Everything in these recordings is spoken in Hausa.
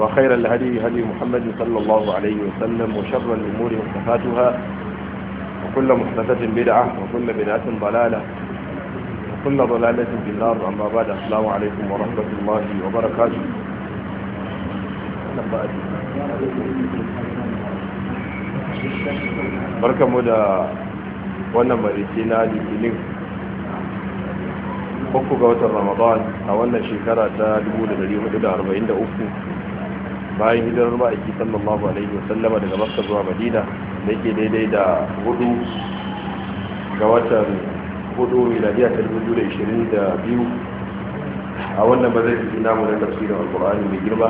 وخير الهدي هدي محمد صلى الله عليه وسلم وشر الأمور محدثاتها وكل محدثة بدعة وكل بدعة ضلالة وكل ضلالة في النار أما بعد السلام عليكم ورحمة الله وبركاته barkanmu da wannan mariki na رمضان uku شكرا تا ramadan a wannan shekara دا 1443 bayan hijirar ba sallallahu alaihi wasallama daga makka zuwa madina da ke daidai da hudu ga watan hudu miladiya ta 2022 a wannan ba zai fi namu na da alkur'ani mai girma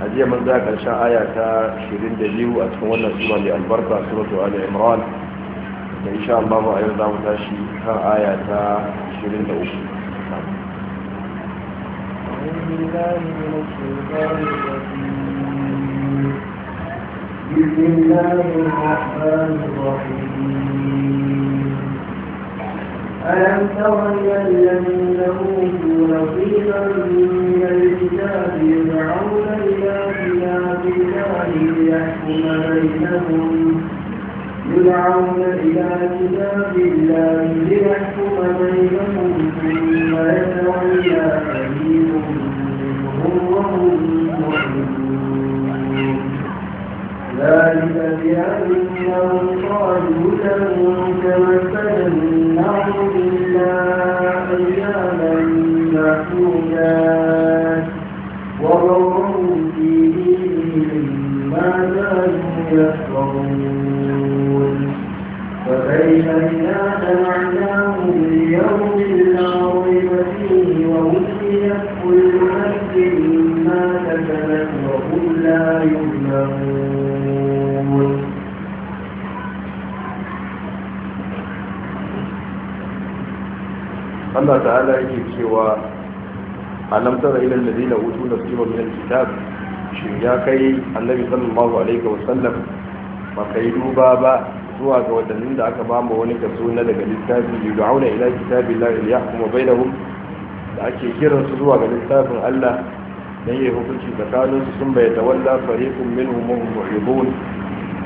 a jiya man za ƙarshen aya ta 22 a cikin wannan sura mai albarka suratu ali imran da insha Allah a yau za mu tashi kan aya ta 23 بسم الله الرحمن الرحيم ألم تر إلى الذين أوتوا نصيبا من الكتاب يدعون إلى كتاب الله ليحكم بينهم يدعون إلى كتاب الله ليحكم بينهم ثم يتولى فريق وهم معرضون ذلك بأنهم قالوا لهم تمثل النار Allah ta'ala yake cewa alam tara ila alladhina utu nasiban min alkitab shin ya kai annabi sallallahu alaihi wa sallam ba kai duba ba zuwa ga wadannin da aka ba mu wani kaso na daga littafi yud'auna ila kitabillahi liyahkuma bainahum da ake kiran su zuwa ga littafin Allah dan yayi hukunci tsakanin su sun bai tawalla fariqun minhum mu'ridun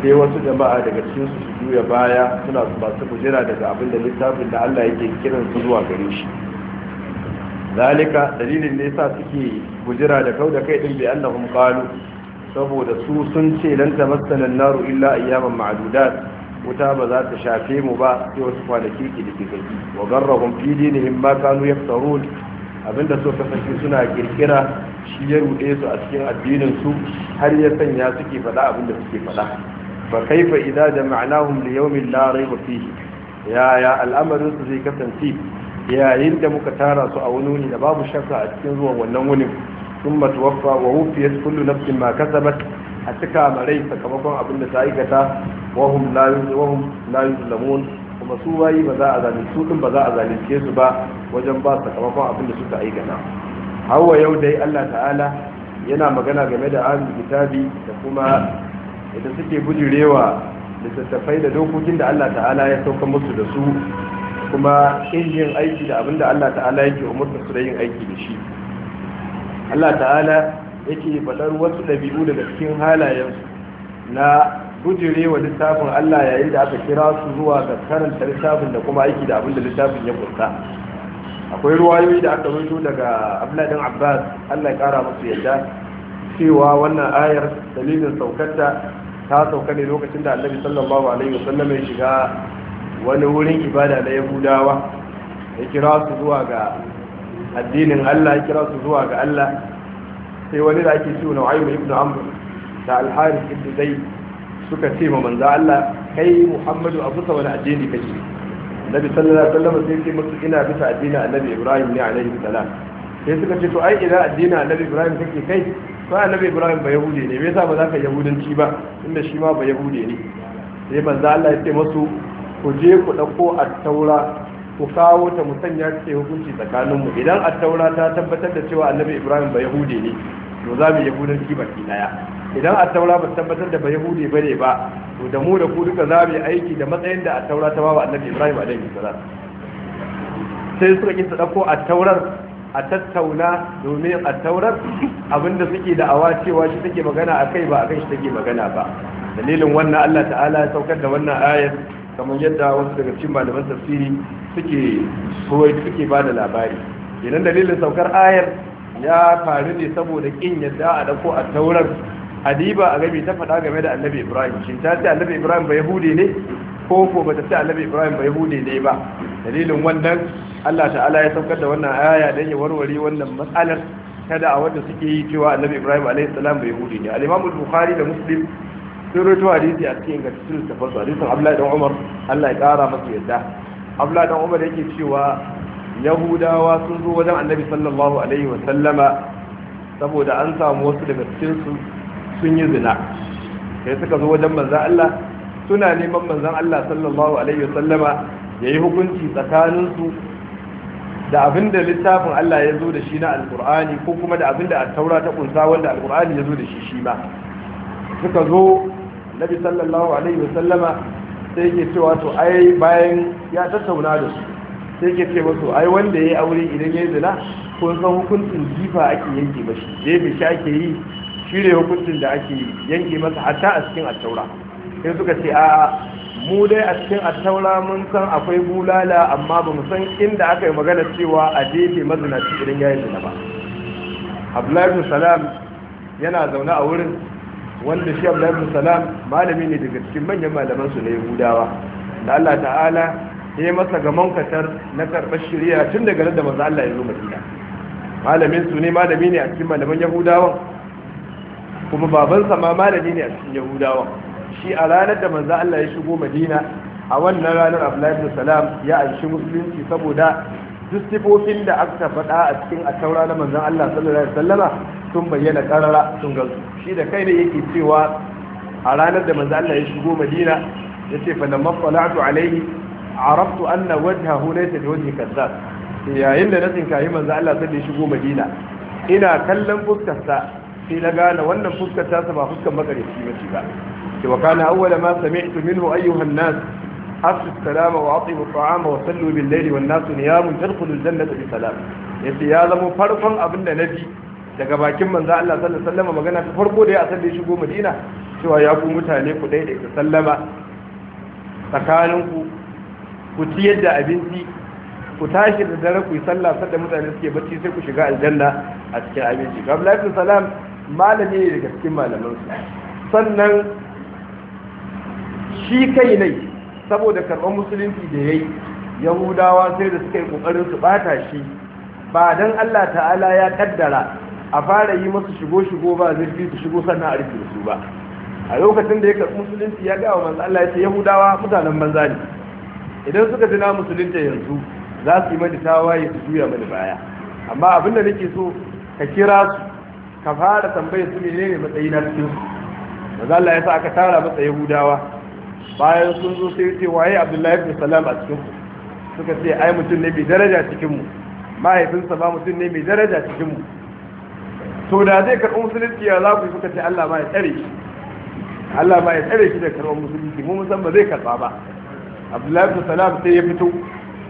sai wasu jama'a daga cikin su su juya baya suna masu bujira daga abin da littafin da Allah yake kiran su zuwa gare shi zalika dalilin ne yasa suke bujira da kau da kai din bi annahum qalu saboda su sun ce lan tamassana an-naru illa ayyaman ma'dudat wuta ba za ta shafe mu ba sai wasu kwanaki kididdigai wa garrahum fi dinihim ma kanu yaftarun abinda so kasance suna kirkira shi ya rude su a cikin addinin su har ya sanya suke fada abinda suke faɗa fa kaifa idza jama'nahum li yawmin la rayba fihi ya ya al'amarin su zai kasance yayin da muka tara su a wani da babu shakka a cikin zuwan wannan wunin thumma tuwaffa wa wufiyat kullu nafsin ma kasabat a cika marai sakamakon abin da ta aikata wahum la yuzlamun la yuzlamun kuma su wayi ba za a zalunce su ba su wajen ba sakamakon abin da suka aikata hawa yau dai Allah ta'ala yana magana game da ahlul kitabi da kuma da suke bujurewa littattafai da dokokin da Allah ta'ala ya sauka musu da su kuma yin aiki da abinda Allah ta'ala yake musu su yin aiki da shi Allah ta'ala yake faɗar wasu ɗabi'u daga cikin halayensu na bujurewa littafin Allah yayin da aka kira su zuwa ga karanta littafin da kuma aiki da abinda littafin ya kunsa akwai ruwayoyi da aka rubuto daga abladin abbas allah ya kara musu yadda cewa wannan ayar dalilin saukarta ta sauka ne lokacin da annabi sallallahu alaihi wasallam ya shiga wani wurin ibada na yahudawa ya kira su zuwa ga addinin Allah ya kira su zuwa ga Allah sai wani da ake ciwo Nu'aym ibn Amr da Al-Harith ibn zai suka ce ma manzo Allah kai Muhammadu abu sa wani addini kake Annabi sallallahu alaihi wasallam sai ce musu ina bisa addinin Annabi Ibrahim ne alaihi salam sai suka ce to ai idan addinin Annabi Ibrahim kake kai sai annabi ibrahim ba yahude ne me yasa ba za ka yahudanci ba inda shi ma ba yahude ne sai manzo Allah ya ce masu ku je ku dauko at-taura ku kawo ta mu sanya ce hukunci tsakanin mu idan at-taura ta tabbatar da cewa annabi ibrahim ba yahude ne to za mu yahudanci ba ki daya idan at-taura ba tabbatar da ba yahude bane ba to da mu da ku duka za mu aiki da matsayin da at-taura ta ba annabi ibrahim alaihi salam sai suka kinta dauko at-taurar a tattauna domin a taurar abinda suke da awa cewa shi take magana a kai ba a kai shi take magana ba dalilin wannan Allah ta'ala ya saukar da wannan ayar kamar yadda wasu daga cikin malaman tafsiri suke kowai suke ba da labari idan dalilin saukar ayar ya faru ne saboda kin yadda a dauko a taurar adiba a gabi ta faɗa game da annabi ibrahim shin ta ce annabi ibrahim ba yahudi ne Kofo ba bata ce annabi ibrahim bai hude ne ba dalilin wannan Allah ta'ala ya saukar da wannan aya dan ya warware wannan matsalar ta a wanda suke yi cewa annabi ibrahim alayhi salam bai hude ne al-imam al-bukhari da muslim sun rawaito hadisi a cikin ga cikin tafsir hadisin abdullahi dan umar Allah ya kara masa yadda abdullahi dan umar yake cewa yahudawa sun zo wajen annabi sallallahu alaihi wa sallama saboda an samu wasu daga cikin su sun yi zina sai suka zo wajen manzo Allah suna neman manzon Allah sallallahu alaihi wasallama yayi hukunci tsakanin su da abinda littafin Allah ya zo da shi na alkur'ani ko kuma da abinda at-taura ta kunsa wanda alkur'ani ya zo da shi shi ma suka zo nabi sallallahu alaihi wasallama sai yake cewa to ai bayan ya tattauna da su sai yake ce musu ai wanda yayi aure idan yayi zina ko san hukuncin jifa ake yanke mashi dai bai shi ake yi Shi ne hukuncin da ake yanke masa hatta a cikin Attaura. sai suka ce a mu dai a cikin attaura mun san akwai bulala amma ba mu san inda aka yi magana cewa a jefe mazinaci idan ya yi zina ba abdullahi salam yana zaune a wurin wanda shi abdullahi salam malami ne daga cikin manyan malaman su na yahudawa da allah ta'ala ya yi masa ga mankatar na karɓar shirya tun daga da maza allah ya zo madina malamin su ne malami ne a cikin malaman yahudawan kuma babansa ma malami ne a cikin yahudawan shi a ranar da manzo Allah ya shigo Madina a wannan ranar Abdullahi da Salam ya anshi musulunci saboda duk da aka faɗa a cikin a taura na manzan Allah sallallahu alaihi wasallama sun bayyana karara sun gansu shi da kai ne yake cewa a ranar da manzo Allah ya shigo Madina yace fa lamma qala'tu alaihi araftu anna wajhahu laysa biwajhi kazzab yayin da na tsinkayi manzo Allah sai da ya shigo Madina ina kallon fuskarsa sai na gane wannan fuskar ta ba fuskar makareci ba ba وكان أول ما سمعت منه أيها الناس أفشوا السلام وأطيبوا الطعام وصلوا بالليل والناس نيام تدخلوا الجنة بسلام yace ya zama farkon abin da nabi daga bakin manzo Allah sallallahu magana ta farko da ya asal da shigo Madina cewa ya ku mutane ku dai sallama tsakanin ku ku ciyar abinci ku tashi da dare ku yi sallah sadda mutane suke bacci sai ku shiga aljanna a cikin abinci Abdullahi malami ne daga cikin malamansu sannan shi kai ne saboda karɓar musulunci da ya yi yahudawa sai da suka yi ƙoƙarin su ɓata shi ba don allah ta'ala ya ƙaddara a fara yi masu shigo-shigo ba zirgi su shigo sannan a rufe su ba a lokacin da ya karɓi musulunci ya gawa manzo allah ya ce yahudawa mutanen banza ne idan suka ji na musulunta yanzu za su yi mani tawaye su juya mani baya amma abin da nake so ka kira su ka fara tambayar su menene matsayi na cikin su manzo allah ya sa aka tara masa yahudawa bayan sun zo sai ce waye abdullahi ibn salam a cikin ku suka ce ai mutum ne mai daraja cikin mu mahaifinsa ba mutum ne mai daraja cikin mu to da zai karɓi musulunci ya za ku yi suka ce Allah ma ya tsare shi Allah ma ya tsare shi da karɓar musulunci mu san ba zai karɓa ba abdullahi ibn salam sai ya fito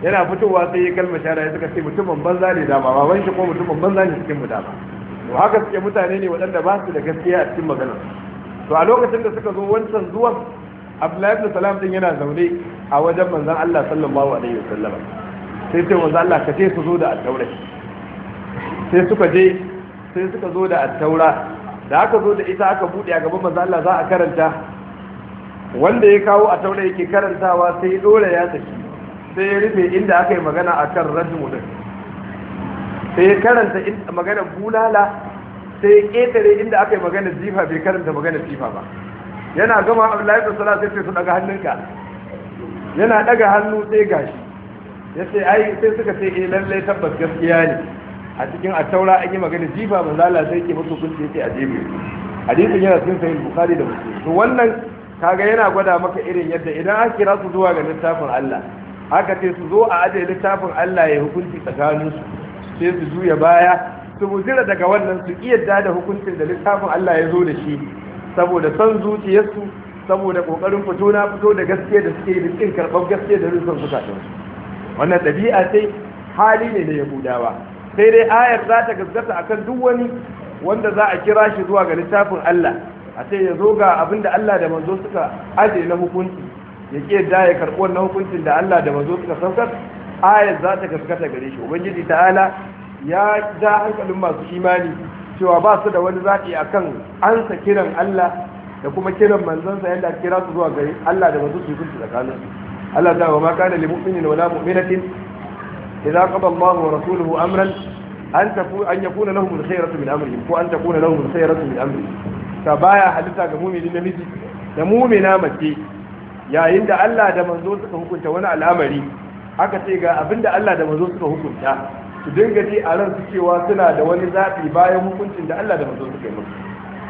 yana fitowa sai ya kalma shara ya suka ce mutumin banza ne dama ba wani ko mutumin banza ne cikin mu dama to haka suke mutane ne waɗanda ba su da gaskiya a cikin magana to a lokacin da suka zo wancan zuwan abdullahi ibn salam din yana zaune a wajen manzon Allah sallallahu alaihi wasallam sai sai manzon Allah ka su zo da attaura sai suka je sai suka zo da attaura da aka zo da ita aka bude a gaban manzon Allah za a karanta wanda ya kawo attaura yake karantawa sai ya dora ya saki sai ya rufe inda aka yi magana akan rajmu din sai ya karanta magana bulala sai ya ketare inda aka yi magana jifa bai karanta magana jifa ba yana gama abdullahi da sala sai su daga hannunka yana daga hannu sai gashi ya ce ai sai suka ce eh lalle tabbas gaskiya ne a cikin ataura an yi magana jifa manzo Allah sai ke mutu kun ce a jibi hadisin yana cikin sahih bukhari da muslim to wannan kaga yana gwada maka irin yadda idan aka kira su zuwa ga littafin Allah aka ce su zo a ajiye littafin Allah ya hukunci tsakaninsu sai su juya baya su muzira daga wannan su iya da hukuncin da littafin Allah ya zo da shi saboda son zuciyarsu saboda kokarin fito na fito da gaske da suke da kin karɓar gaske da rufin zukatansu wannan ɗabi'a sai hali ne na yahudawa sai dai ayar za ta gaskata a kan duk wani wanda za a kira shi zuwa ga littafin Allah a sai ya zo ga abinda da Allah da manzo suka aje na hukunci ya ke da ya karɓi wannan hukuncin da Allah da manzo suka saukar ayar za ta gaskata gare shi ubangiji ta'ala ya ja hankalin masu imani cewa ba su da wani zaɓi akan ansa kiran Allah da kuma kiran manzansa yadda kira su zuwa gari Allah da manzo su yi sulhu tsakanin Allah ta wa ma kana lil mu'minin wala mu'minatin idza qada Allah wa rasuluhu amran an tafu an kuna lahum al khayratu min amrihim ko an kuna lahum al khayratu min amrihim ta baya halitta ga mu'minin namiji da mu'mina mace yayin da Allah da manzo suka hukunta wani al'amari aka ce ga abinda Allah da manzo suka hukunta su dinga ji a ransu cewa suna da wani zaɓi bayan hukuncin da Allah da manzo suka yi musu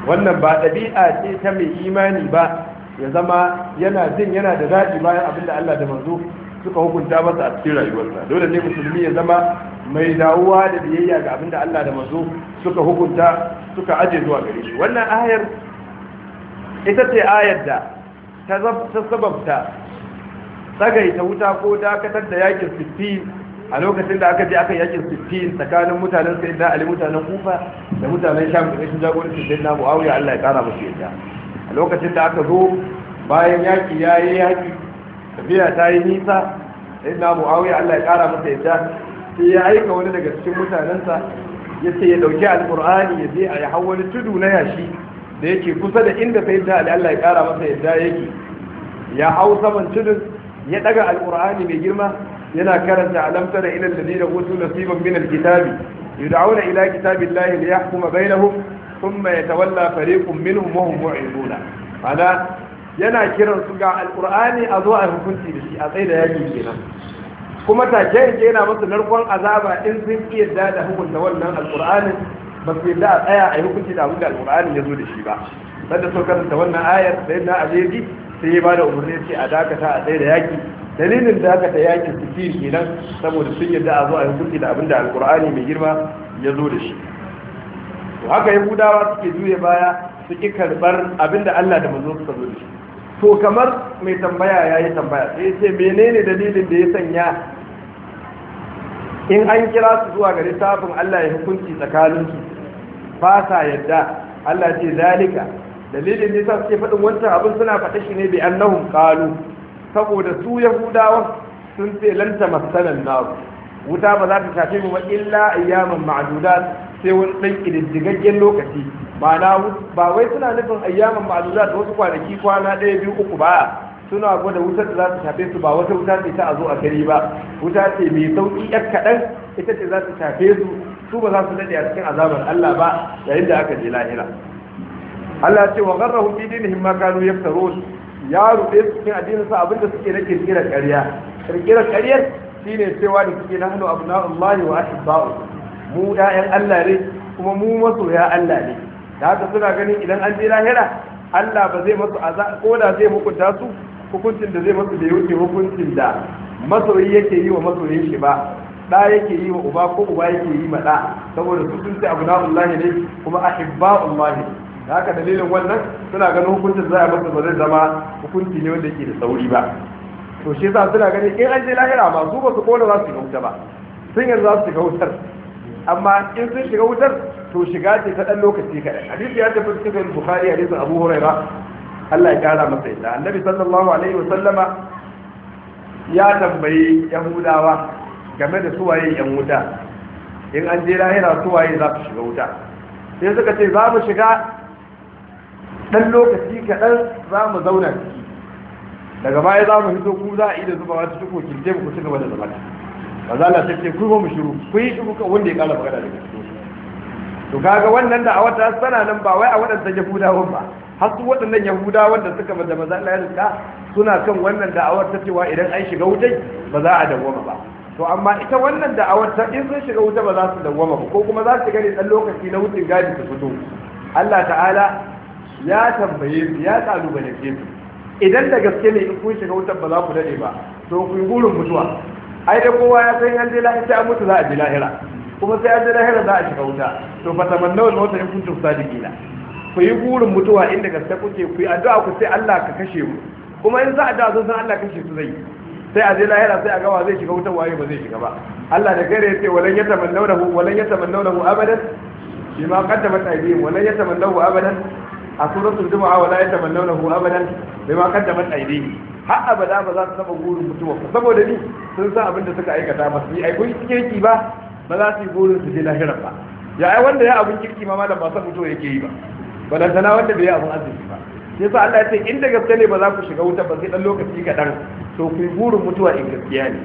wannan ba ɗabi'a ce ta mai imani ba ya zama yana jin yana da zaɓi bayan abin da Allah da manzo suka hukunta masa a cikin rayuwarsa dole ne musulmi ya zama mai dawowa da biyayya ga abin da Allah da manzo suka hukunta suka aje zuwa gare shi wannan ayar ita ce ayar da ta sababta tsagaita wuta ko dakatar da yakin sittin a lokacin da aka je aka yakin sittin tsakanin mutanen sai da ali mutanen kufa da mutanen sham da sun jagoranci sai na muawiya Allah ya kara musu yadda a lokacin da aka zo bayan yaki yayi yaki tafiya ta yi nisa sai na muawiya Allah ya kara masa yadda sai ya aika wani daga cikin mutanensa ya ce ya dauki alqur'ani ya je a ya hawo tudu na yashi da yake kusa da inda sai da ali Allah ya kara masa yadda yake ya hau saman tudun ya daga alqur'ani mai girma yana karanta alamtar da ilal ladina utu nasiban min alkitabi yud'auna ila kitabillahi liyahkuma bainahum thumma yatawalla fariqun minhum wa hum mu'riduna ana yana kiran su ga alqur'ani a zo a hukunci da shi a tsaye da yaki kenan kuma take yake yana musu narkon azaba in sun iya da hukunta wannan alqur'anin ba su yadda a tsaya a yi hukunci da abin da ya zo da shi ba da so karanta wannan ayar yadda a ajeji sai ya bada umarni ce a dakata a tsaye da yaki dalilin dakata yakin su kenan saboda sun yarda a zo a hukunci da abinda alkur'ani mai girma ya zo da shi to haka ya yahudawa suke juye baya suke karbar abinda Allah da manzo suka zo da shi to kamar mai tambaya ya yi tambaya sai ya ce menene dalilin da ya sanya in an kira su zuwa ga littafin Allah ya hukunci tsakaninsu ba sa yadda Allah ce zalika dalilin nisa suke faɗin wancan abin suna faɗa shi ne bi annahum qalu saboda su yahudawa sun ce lan tamassalan nar wuta ba za ta shafe mu ba illa ayyaman ma'dudat sai wani dan kididdigaggen lokaci ma'ana ba wai suna nufin ayyaman ma'dudat wasu kwanaki kwana ɗaya biyu uku ba suna gwada wutar da za ta shafe su ba wata wuta ce ta a zo a gari ba wuta ce mai sauƙi yar kaɗan ita ce za ta shafe su su ba za su daɗe a cikin azabar Allah ba yayin da aka je lahira Allah ce wa gharrahum bi dinihim ma kanu yaftarun ya rude cikin addinin sa abinda suke na kirkira ƙarya kirkira ƙarya shine cewa da suke nahnu abna'ullahi wa ahibba'u mu ya'yan Allah ne kuma mu masoya Allah ne da haka suna ganin idan an je lahira Allah ba zai masu aza ko da zai hukunta su hukuncin da zai masu da yake hukuncin da masoyi yake yi wa masoyin shi ba da yake yi wa uba ko uba yake yi ma da saboda su sun ce abu na Allah ne kuma ahibba'ullahi da haka dalilin wannan suna ganin hukuncin za a masa ba zai zama hukunci ne wanda ke da sauri ba to shi yasa suna ganin in an je lahira ba su ba su kona za su shiga wuta ba sun yanzu za su shiga wutar amma in sun shiga wutar to shiga ce ta dan lokaci kaɗan hadisi ya tafi cikin bukhari hadisi abu huraira Allah ya kara masa yadda annabi sallallahu alaihi wa sallama ya tambayi yahudawa game da suwaye yan wuta in an je lahira suwaye za su shiga wuta sai suka ce za mu shiga ɗan lokaci kaɗan za mu zauna ciki daga baya za mu hito ku za a iya zuba wata cikin kirje ku ci gaba da zama ba za na sai ku mu shiru ku yi shiru wanda ya kala magana daga cikin to kaga wannan da a wata sana nan ba wai a yahuda yahudawan ba har su waɗannan yahuda da suka maza maza Allah ya rinka suna kan wannan da'awar ta cewa idan an shiga wutai ba za a dawwama ba to amma ita wannan da'awar ta in sun shiga wuta ba za su dawwama ba ko kuma za su gane dan lokaci na wutin gadi su fito Allah ta'ala ya tambaye su ya kalubale ke su idan da gaske ne in kun shiga wutar ba za ku dade ba to ku yi burin mutuwa ai da kowa ya san an dila lahira sai an mutu za a je lahira kuma sai an je lahira za a shiga wuta to fa tamannawal mauta in kun kuntum na? ku yi burin mutuwa inda gaske kuke ku yi addu'a ku sai Allah ka kashe mu kuma in za a dawo san Allah kashe su zai sai a je lahira sai a gawa zai shiga wutar waye ba zai shiga ba Allah da gare sai walan yatamannawnahu walan yatamannawnahu abadan bima qaddamat aydihim walan yatamannahu abadan a suratul juma'a wala yatamannawnahu abadan bima qaddamat aydihim har abada ba za su taba gurin mutuwa saboda ni sun san abin da suka aikata ba su yi aikun kirki ba ba za su yi gurin su je lahirar ba ya ai wanda ya abin kirki ma malam ba san mutuwa yake yi ba sana wanda bai yi abin azumi ba sai sa Allah ya ce in da gaske ne ba za ku shiga wuta ba sai dan lokaci kaɗan to ku yi burin mutuwa in gaskiya ne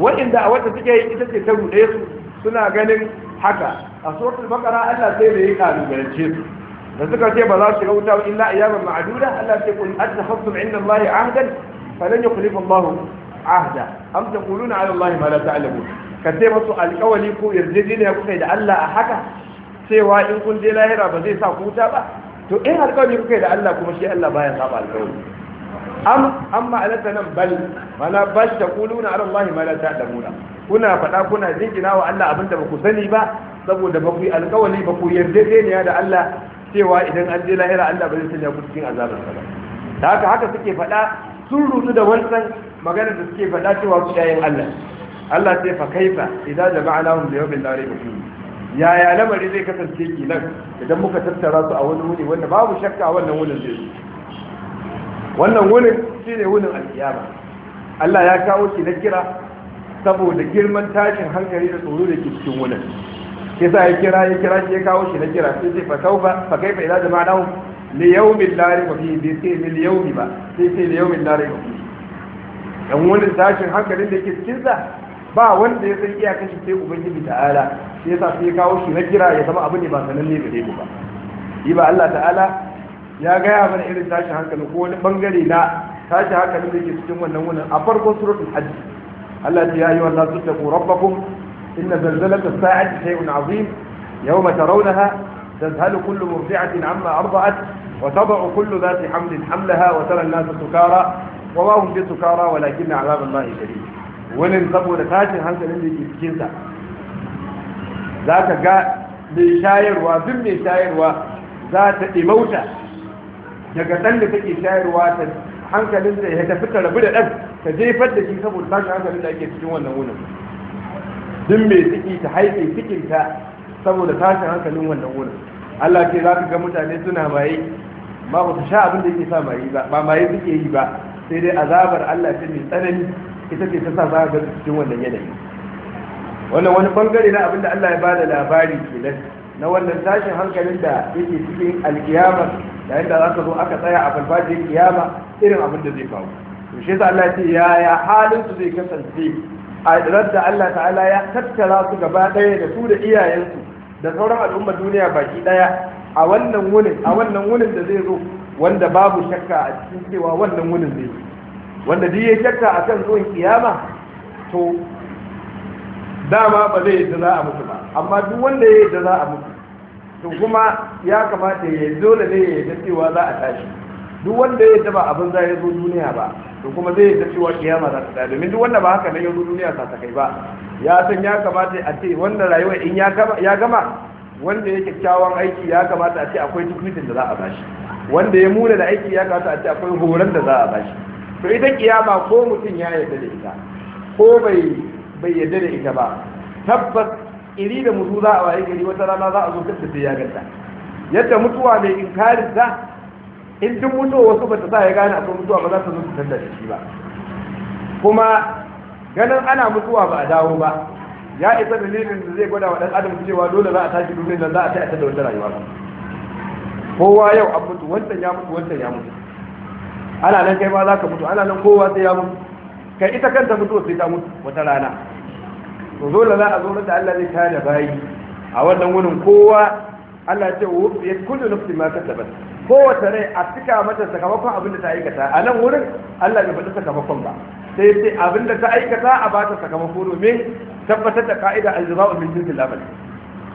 wa'inda a wata suke yi ita ce ta ruɗe su suna ganin haka a suratul baqara Allah sai da ya kalubalance su da suka ce ba za su shiga wuta illa ayyaman ma'aduda Allah ya ce kun attakhasum inda Allah ahdan falan yukhlifu Allah ahda am taquluna ala Allah ma la ta'lamun ka ce musu alƙawali ko yarjejeniya kuka da Allah a haka cewa in kun je lahira ba zai sa ku wuta ba to in alƙawali kuka da Allah kuma shi Allah baya saba alƙawali amma alata nan bal mana bash ta kuluna ala Allah ma la ta'lamuna kuna faɗa? kuna jingina wa Allah abinda ba ku sani ba saboda ba ku yi alƙawali, ba ku yarjejeniya da Allah cewa idan an je lahira Allah ba zai sanya ku cikin azabar sa ba da haka haka suke faɗa sun rutu da wancan maganar da suke faɗa cewa su yayin Allah Allah sai fa kaifa idza jama'nahum li yawmin la rayba fihi yaya lamari zai kasance nan idan muka tattara su a wani wuni wanda babu shakka wannan wunin zai wannan wunin shine wunin alkiyama Allah ya kawo shi na kira saboda girman tashin hankali da tsoro da ke cikin wunin shi sa ya kira ya kira shi ya kawo shi na kira sai sai fasaufa fa kaifa idza jama'nahu li yawmin lari rayba fihi bi sai li yawmi ba sai sai li yawmin la rayba fihi dan wani tashin hankalin da yake cikin sa ba wanda ya san iyakar shi sai ubangiji ta'ala shi yasa sai ya kawo shi na kira ya zama abu ne ba sananne gare mu ba yi ba Allah ta'ala ya gaya mana irin tashin hankali ko wani bangare na tashin hankalin da yake cikin wannan wannan a farkon suratul hajj Allah ya yi wa nasu taqu rabbakum إن زلزلة الساعة شيء عظيم يوم ترونها تذهل كل مرضعة عما أرضعت وتضع كل ذات حمل حملها وترى الناس سكارى وما هم في سكارى ولكن عذاب الله كريم ولن تبوا لفاتر هل تنبي في الجنزة ذاك جاء بشاير وذن بشاير وذات إموتة يقتل لك إشاير وذن حنك لنزل يتفكر لبدا الأب فجي فتك يسبوا لفاتر هل تنبي في الجنزة duk mai ciki ta haife cikinta saboda tashin hankalin wannan wurin Allah ce za ka ga mutane suna maye ba su sha abin da yake sa maye ba ba maye suke yi ba sai dai azabar Allah ce mai tsanani ita ce ta sa za ka ga cikin wannan yanayi wannan wani bangare na abin da Allah ya bada labari kenan na wannan tashin hankalin da yake cikin alkiyama yayin da za ka zo aka tsaya a farfajiyar kiyama irin abin da zai faru to shi yasa Allah ya ce ya halin su zai kasance a radda Allah ta'ala ya tattara su gaba ɗaya da su da iyayensu da sauran al'ummar duniya baki ɗaya a wannan wunin a wannan wunin da zai zo wanda babu shakka a cikin cewa wannan wunin zai zo wanda duk ya shakka a kan zuwan kiyama to dama ba zai yadda za a mutu ba amma duk wanda ya yadda za a mutu to kuma ya kamata ya dole ne ya yadda cewa za a tashi duk wanda ya yadda ba abin za ya zo duniya ba to kuma zai ta cewa kiyama za ta tsaya domin duk wanda ba haka na yanzu duniya za ta kai ba ya san ya kamata a ce wanda rayuwa in ya gama wanda ya kyakkyawan aiki ya kamata a ce akwai tukunin da za a bashi wanda ya muna da aiki ya kamata a ce akwai horon da za a bashi to ita kiyama ko mutum ya yarda da ita ko bai bai yarda da ita ba tabbas iri da mutu za a waye gari wata rana za a zo ta sai ya ganta yadda mutuwa mai inkarin za in duk mutuwa wasu ba ta sa ya gane akwai mutuwa ba za ta zo su canza da shi ba kuma ganin ana mutuwa ba a dawo ba ya isa dalilin da zai gwada wa ɗan adam cewa dole za a tashi duniyar nan za a ta da wata rayuwa ba kowa yau an mutu wancan ya mutu wancan ya mutu ana nan kai ma za ka mutu ana nan kowa sai ya mutu kai ita kanta mutuwa sai ta mutu wata rana to dole za a zo mata Allah zai kare bayi a wannan wurin kowa Allah ya ce wa yakulu nafsi ma kasabat kowace rai a cika mata sakamakon abin da ta aikata a nan wurin Allah bai faɗi sakamakon ba sai sai abin da ta aikata a ba ta sakamako domin tabbatar da ka'ida aljaza'u min jinsil amal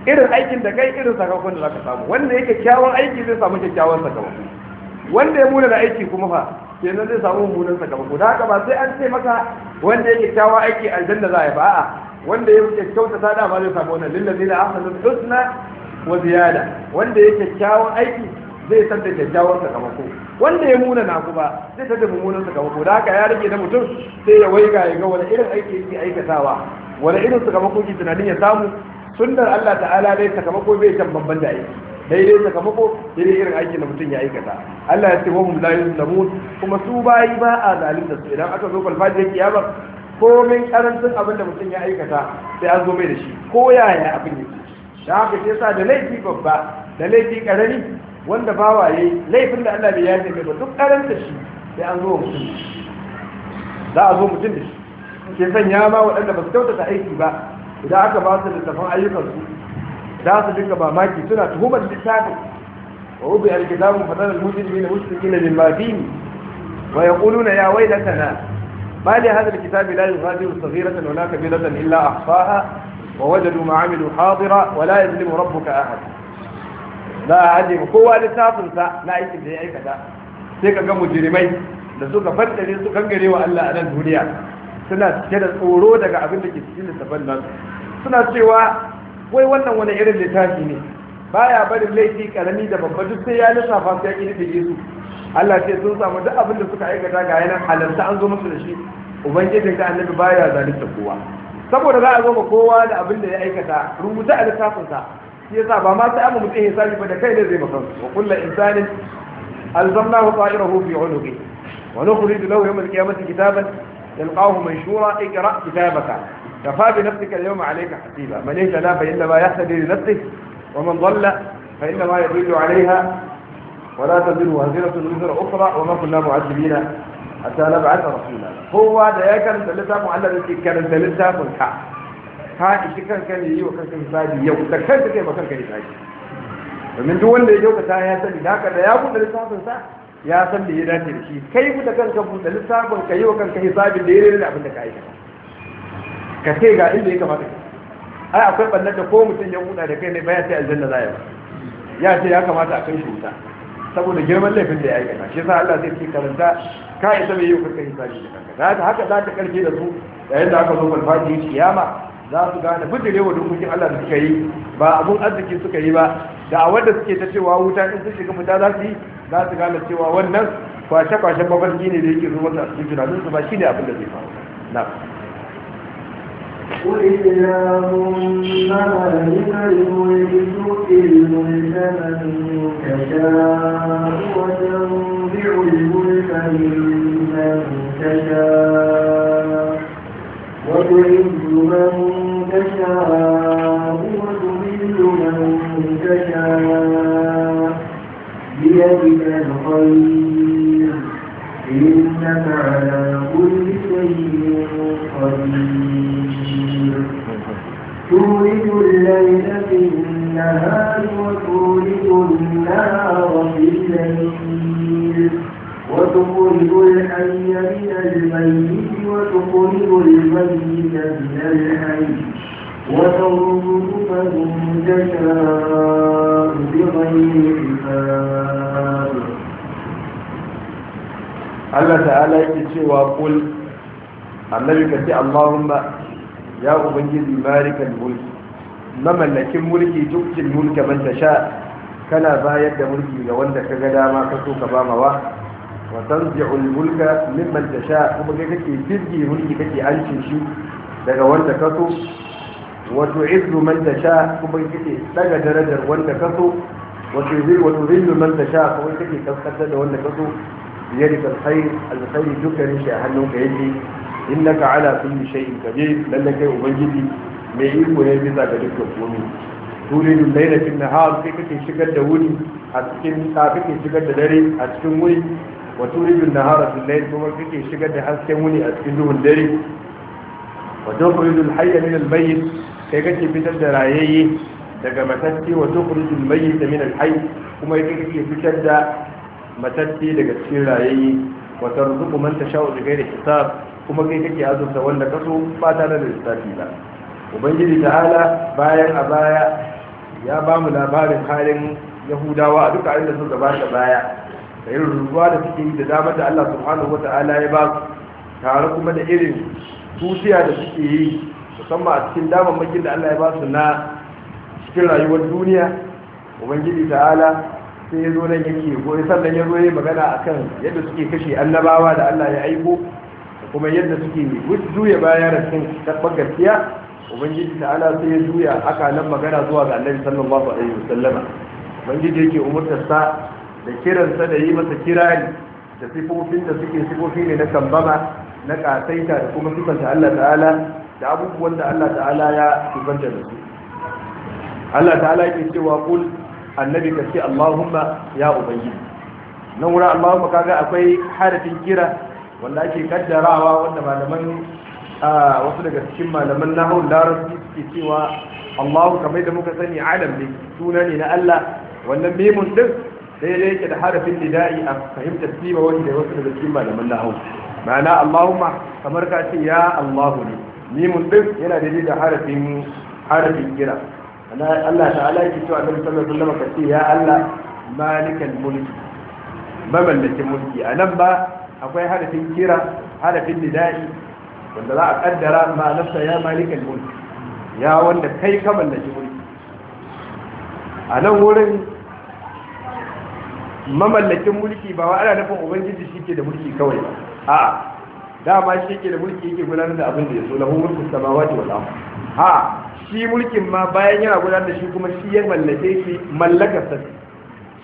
irin aikin da kai irin sakamakon da zaka samu wanda yake kyawun aiki zai samu kyakkyawan sakamako wanda ya muna da aiki kuma fa kenan zai samu mummunan sakamako da haka ba sai an ce maka wanda yake kyawun aiki aljanna za a yi ba a wanda ya kyauta da ba zai samu wannan lillazina ahsanul husna wa ziyada wanda yake kyawun aiki zai san da kyakkyawan sakamako wanda ya muna na kuma zai san da mummunan sakamako da haka ya rage na mutum sai ya waiga ya ga wani irin aiki yake aikatawa wani irin sakamako ke tunanin ya samu da Allah ta'ala dai sakamako bai can babban da aiki daidai sakamako daidai irin aiki da mutum ya aikata Allah ya ce wa hum la yuzlamun kuma su bayi ba a zalunta su idan aka zo falfajiyar kiyama komin karancin abin da mutum ya aikata sai an zo mai da shi ko yaya abin yake da haka sai sa da laifi babba da laifi karami wanda bawaye yayi laifin da Allah bai yafe mai ba duk karanta shi sai an zo mutum za a zo mutum da shi ke sanya ba waɗanda ba su kyautata aiki ba idan aka ba su littafin ayyukansu za su dinga mamaki suna tuhumar littafin wa ubi alkitabu fadar al-mujrimi na mustaqila min madini wa yaquluna ya waylatana ma li hadha alkitabi la yughadiru saghiratan wala kabiratan illa ahsaha wa wajadu ma amilu hadira wa la yuzlimu rabbuka za a aje kowa litafinsa na aikin da ya aikata sai ka ga mujirimai da suka faddare su kangare wa Allah a nan duniya suna cike da tsoro daga abin da ke cikin littafin nan suna cewa wai wannan wani irin littafi ne baya barin laifi karami da babba duk sai ya lissafa su ya kirkire su Allah ce sun samu duk abin da suka aikata ga yanar halarta an zo musu da shi ubangijin ka annabi baya zalunta kowa saboda za a zo ma kowa da abin da ya aikata rubuta a littafinsa shi yasa ba ma sai mu tsaye hisabi ba da kai ne zai maka wa kullu insanin alzamnahu ta'irahu fi 'unuqi wa nukhrij lahu yawm al-qiyamati kitaban يلقاه منشورا اقرأ كتابك كفى بنفسك اليوم عليك حسيبا من اهتدى فإنما يهتدي لنفسه ومن ضل فإنما يضل عليها ولا تزر وزيرة وزر أخرى وما كنا معذبين حتى نبعث رسولا هو ده كان ثلاثة معلم كان ثلاثة منحق ka ishi kanka ne yi wa kanka hisabi yau da kanka kai ma kanka hisabi domin duk wanda ya kyautata ya sani da haka da ya buɗe lissafin sa ya san da ya dace da shi kai buɗe kanka buɗe lissafin ka yi wa kanka hisabin da ya rere da abin da ka aikata ka ce ga inda ya kamata ka ai akwai ɓannar da ko mutum ya buɗa da kai ne baya sai aljanna za ya ba ya ce ya kamata a kai shi wuta saboda girman laifin da ya aikata shi yasa Allah zai ce karanta ka isa mai yi wa kanka hisabi da kanka haka za ta karfe da su yayin da aka zo farfajiyar kiyama za su gane bujire wa dokokin Allah da suka yi ba abun arziki suka yi ba da a wanda suke ta cewa wuta in sun shiga fita za su yi za su gane cewa wannan kwashe kwashe babarki ne da yake zuwa a cikin tunanin su ba ne abin da zai faru na قل يا من تشاء وتذل من تشاء بيدك الخير إنك على كل شيء قدير تولد الليل في النهار وتولد النهار في الليل وتخرج الحي من الميت وتخرج الميت من الحي وترزق من تشاء بغير حساب Allah ta'ala yake cewa kul annabi kace Allahumma ya ubangiji barikal mulki mamallakin mulki tukcin mulka man tasha kana bayar da mulki ga wanda kaga dama ka so ka bamawa wa tanzi'ul mulka mimman tasha kuma kai kake jirgi mulki kake hancin daga wanda ka so wa tu'izzu man kuma kai daga darajar wanda ka so wa tuzillu wa kuma kake kaskantar da wanda ka so biyadika alkhair alkhair dukkanin shi a hannunka yake innaka ala kulli shay'in qadir lalle kai ubangiji mai iko ne bisa ga dukkan komai tulin lailatin nahar da kake shigar da dare a cikin wuni wato turijun nahara fil layl kuma kake shigar da hasken wuni a cikin duhun dare wato tukhrijul hayya min al mayyit kai kake fitar da rayayye daga matacce wato tukhrijul mayyit min al hayy kuma kake fitar da matacce daga cikin rayayye wato tarzuqu man shawo daga da hisab kuma kai kake azurta wanda kaso ba tare da lissafi ba ubangiji ta'ala bayan a baya ya ba mu labarin halin yahudawa a duka inda suka gabata baya da irin ruwa da suke yi da damar da Allah subhanahu wa ta'ala ya ba su tare kuma da irin tusiya da suke yi musamman a cikin damammakin da Allah ya ba su na cikin rayuwar duniya ubangiji ta'ala sai ya zo nan yake goyi sannan ya zo ya magana a kan yadda suke kashe annabawa da Allah ya aiko da kuma yadda suke juya baya da cikin karɓar gaskiya ubangiji ta'ala sai ya juya haka nan magana zuwa ga annabi sallallahu alaihi wasallama ubangiji yake umurtar sa da kiransa da yi masa kirari da sifofin da suke sifofi ne na kambama na kasaita da kuma sifanta Allah ta'ala da abubuwan da Allah ta'ala ya sifanta da su Allah ta'ala yake cewa kul annabi ka ce Allahumma ya ubangiji nan wurin Allahumma kaga akwai harafin kira wanda ake kaddarawa wanda malaman wasu daga cikin malaman nahawun larabci suke cewa Allahu kamar da muka sani alam ne suna ne na Allah wannan memun din Daidai yake da harafin nida'i a fahimtar sima wanda ya wasu daga cikin malaman nahawu ma'ana Allahumma kamar ka ce ya Allahu ne mimun din yana daidai da harafin harafin kira Allah ta'ala yake cewa Annabi sallallahu alaihi wasallam ka ce ya Allah malikal mulki mamallakin mulki anan ba akwai harafin kira harafin nida'i wanda za a kaddara ma'anarsa ya malikal mulki ya wanda kai ka mallaki mulki a nan wurin mamallakin mulki ba wa ana nufin ubangiji shi ke da mulki kawai ba a dama shi ke da mulki yake gudanar da abin da ya so lahu mulkin samawati wal ardh ha shi mulkin ma bayan yana gudanar da shi kuma shi ya mallake shi mallaka sa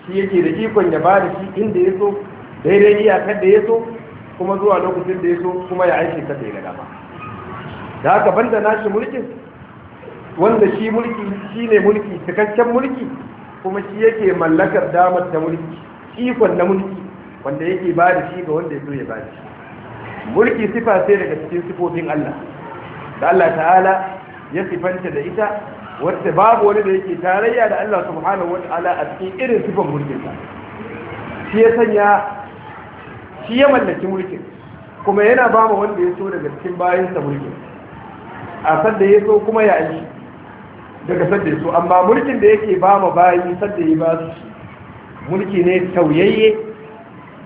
shi yake da ikon ya ba da shi inda ya so daidai iyakar da ya so kuma zuwa lokacin da ya so kuma ya aiki ta da dama da haka banda nashi mulkin wanda shi mulki shi ne mulki cikakken mulki kuma shi yake mallakar damar ta mulki ikon na mulki wanda yake ba da shi ga wanda ya so ya ba shi mulki sifa sai daga cikin sifofin Allah da Allah ta'ala ya sifanta da ita wadda babu wani da yake tarayya da Allah subhanahu wata'ala a cikin irin sifan mulkin sa shi ya sanya shi ya mallaki mulkin kuma yana ba mu wanda ya so daga cikin bayan sa mulkin a sadda ya so kuma ya yi daga sadda ya so amma mulkin da yake ba mu bayi sadda ya ba su mulki ne tauyayye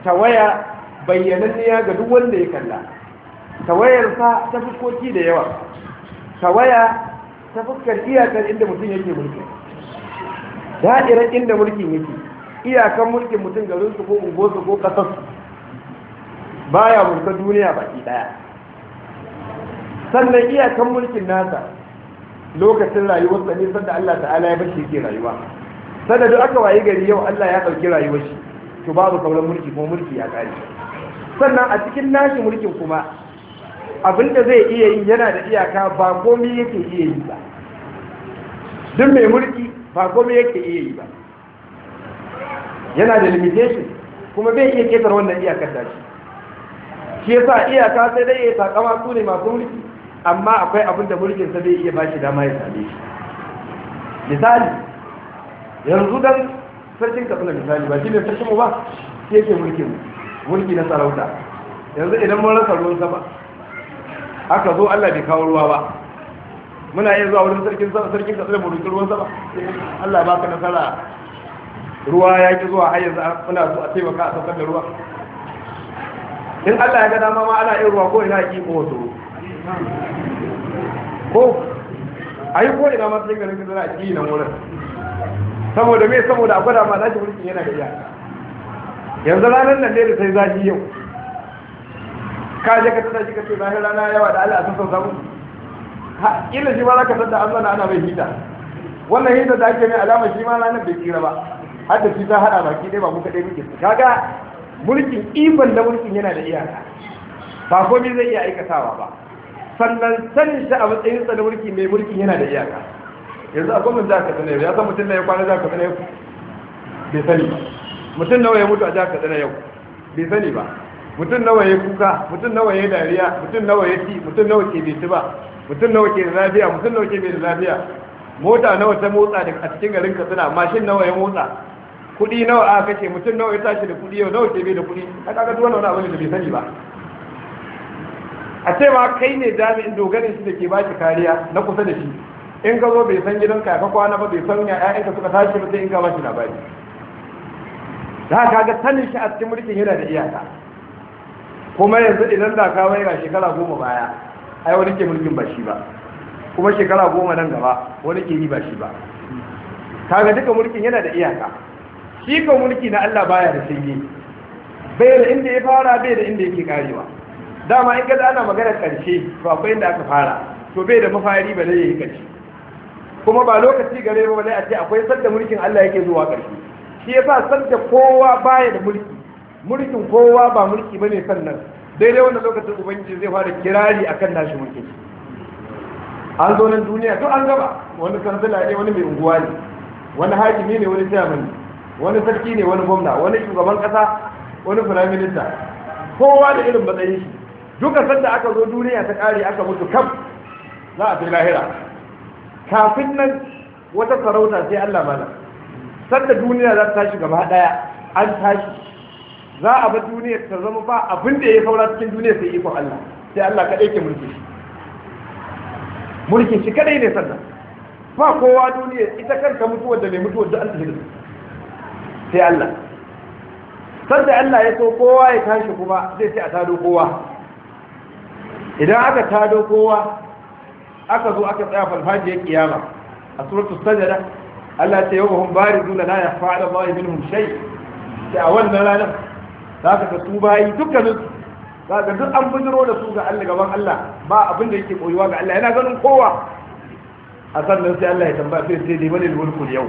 tawaya bayyananniya ga duk wanda ya kalla tawayarsa ta fuskoki da yawa tawaya ta fuskar iyakar inda mutum yake mulki da'irar inda mulkin yake iyakan mulkin mutum garinsu ko ungosu ko su baya mulka duniya baki daya sannan iyakan mulkin nasa lokacin rayuwarsa ne sanda Allah ta'ala ya bashi ke rayuwa sanda aka waye gari yau Allah ya ɗauki rayuwar shi to babu sauran mulki ko mulki ya kare sannan a cikin nashi mulkin kuma abinda zai iya yi yana da iyaka ba komai yake iya yi ba duk mai mulki ba komai yake iya yi ba yana da limitation kuma bai iya ketar wannan iyakar da shi shi yasa iyaka sai dai ya takama su ne masu mulki amma akwai abinda da sa bai iya bashi dama ya same shi misali yanzu dan sarkin katsina misali ba shi ne sarkin mu ba shi yake mulkin mulki na sarauta yanzu idan mun rasa ruwan sama aka zo Allah bai kawo ruwa ba muna iya zuwa wurin sarkin sarkin da mu roki ruwan sama Allah ba ka nasara ruwa ya ki zuwa har yanzu muna so a taimaka a saukar da ruwa in Allah ya ga dama ma ana yin ruwa ko ina ki ko wato ko ayi ko ina ma sai garin katsina a ki nan wurin saboda me saboda a gwada ma nashi mulkin yana da iyaka yanzu ranar nan ne da sai zafi yau ka je ka tsaya ka ce zahir rana yawa da Allah sun san sauka ha ila shi ma za ka sanda an na ana mai hita wannan hita da ake mai alama shi ma ranar bai kira ba har da shi ta hada baki dai ba mu kaɗai muke kaga mulkin ikon da mulkin yana da iyaka ba komai zai iya aikatawa ba sannan sanin shi a matsayin sa na mulki mai mulkin yana da iyaka yanzu a gwamnan jihar katsina yau ya san mutum na ya kwana jihar katsina yau bai sani ba mutum nawa ya mutu a jihar katsina yau bai sani ba mutum nawa ya kuka mutum nawa ya dariya mutum nawa ya ci mutum nawa ke bai ba mutum nawa ke da lafiya mutum nawa ke bai da lafiya mota nawa ta motsa a cikin garin katsina mashin nawa ya motsa kuɗi nawa aka kashe mutum nawa ya tashi da kuɗi yau nawa ke bai da kuɗi a kaga duk wani abu da bai sani ba a ce ma kai ne jami'in dogarin shi da ke ba shi kariya na kusa da shi in ka zo bai san gidan ya ka kwana ba bai san ya ƴaƴanka suka tashi ba sai in ka ba shi labari da haka ga sanin shi a cikin mulkin yana da iyaka kuma yanzu idan da ka waira shekara goma baya ai wani ke mulkin ba shi ba kuma shekara goma nan gaba wani ke yi ba shi ba kaga duka mulkin yana da iyaka shi ka mulki na Allah baya da sanyi bai da inda ya fara bai da inda yake karewa dama in ga ana magana karshe to akwai inda aka fara to bai da mafari ba ne yake karshe kuma ba lokaci gare ba balai a ce akwai sanda mulkin Allah yake zuwa ƙarshe shi yasa sanda kowa baya da mulki mulkin kowa ba mulki bane sannan daidai wannan lokacin ubangiji zai fara kirari akan nashi mulki. an zo nan duniya to an gaba wani kansila ne wani mai unguwa ne wani hakimi ne wani chairman wani sarki ne wani gwamna wani shugaban kasa wani prime minister kowa da irin matsayin shi duka sanda aka zo duniya ta kare aka mutu kam za a fi lahira kafin nan wata sarauta sai Allah mana sanda duniya za ta tashi gaba daya an tashi za a ba duniya ta zama ba abin da ya saura cikin duniya sai iko Allah sai Allah kadai ke mulki shi shi kadai ne sannan ba kowa duniya ita kanta mutuwar da mai mutuwar da Allah sai Allah sanda Allah ya so kowa ya tashi kuma zai sai a tado kowa idan aka tado kowa aka zo aka tsaya farfajiyar kiyama a suratul sajada Allah ya ce yau hum barizu la la yakhfa ala Allah minhum shay sai a wannan ranar zaka ga su bayi dukkanin zaka duk an bujiro da su ga Allah gaban Allah ba abin da yake koyuwa ga Allah yana ganin kowa a sannan sai Allah ya tambaya sai sai dai bane mulkul yau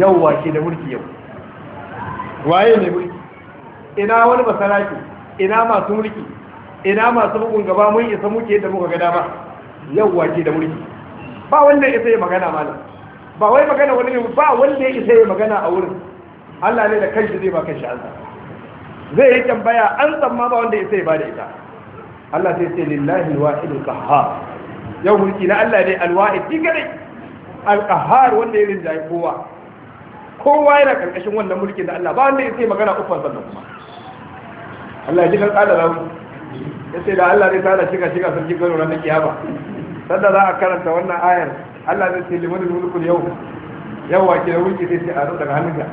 yau wace da mulki yau waye ne mulki ina wani basaraki ina masu mulki ina masu bugun gaba mun isa muke da muka ga dama yawwa ce da mulki ba wanda ya sai magana malam ba wai magana wani ne ba wanda ya sai magana a wurin Allah ne da kanshi zai ba kanshi ansa zai yi tambaya an tsamma ba wanda ya sai ba da ita Allah sai sai lillahi alwahidul qahhar yau mulki na Allah ne alwahid shi al alqahhar wanda ya rinjaye kowa kowa yana karkashin wannan mulkin da Allah ba wanda ya sai magana uffar sannan kuma Allah ya ji kan kala rawu yace da Allah zai tada shiga shiga sarki gano na kiyama sanda za a karanta wannan ayar Allah zai ce liman mulkul yau yawa ke wuce sai sai a rubuta daga hannunka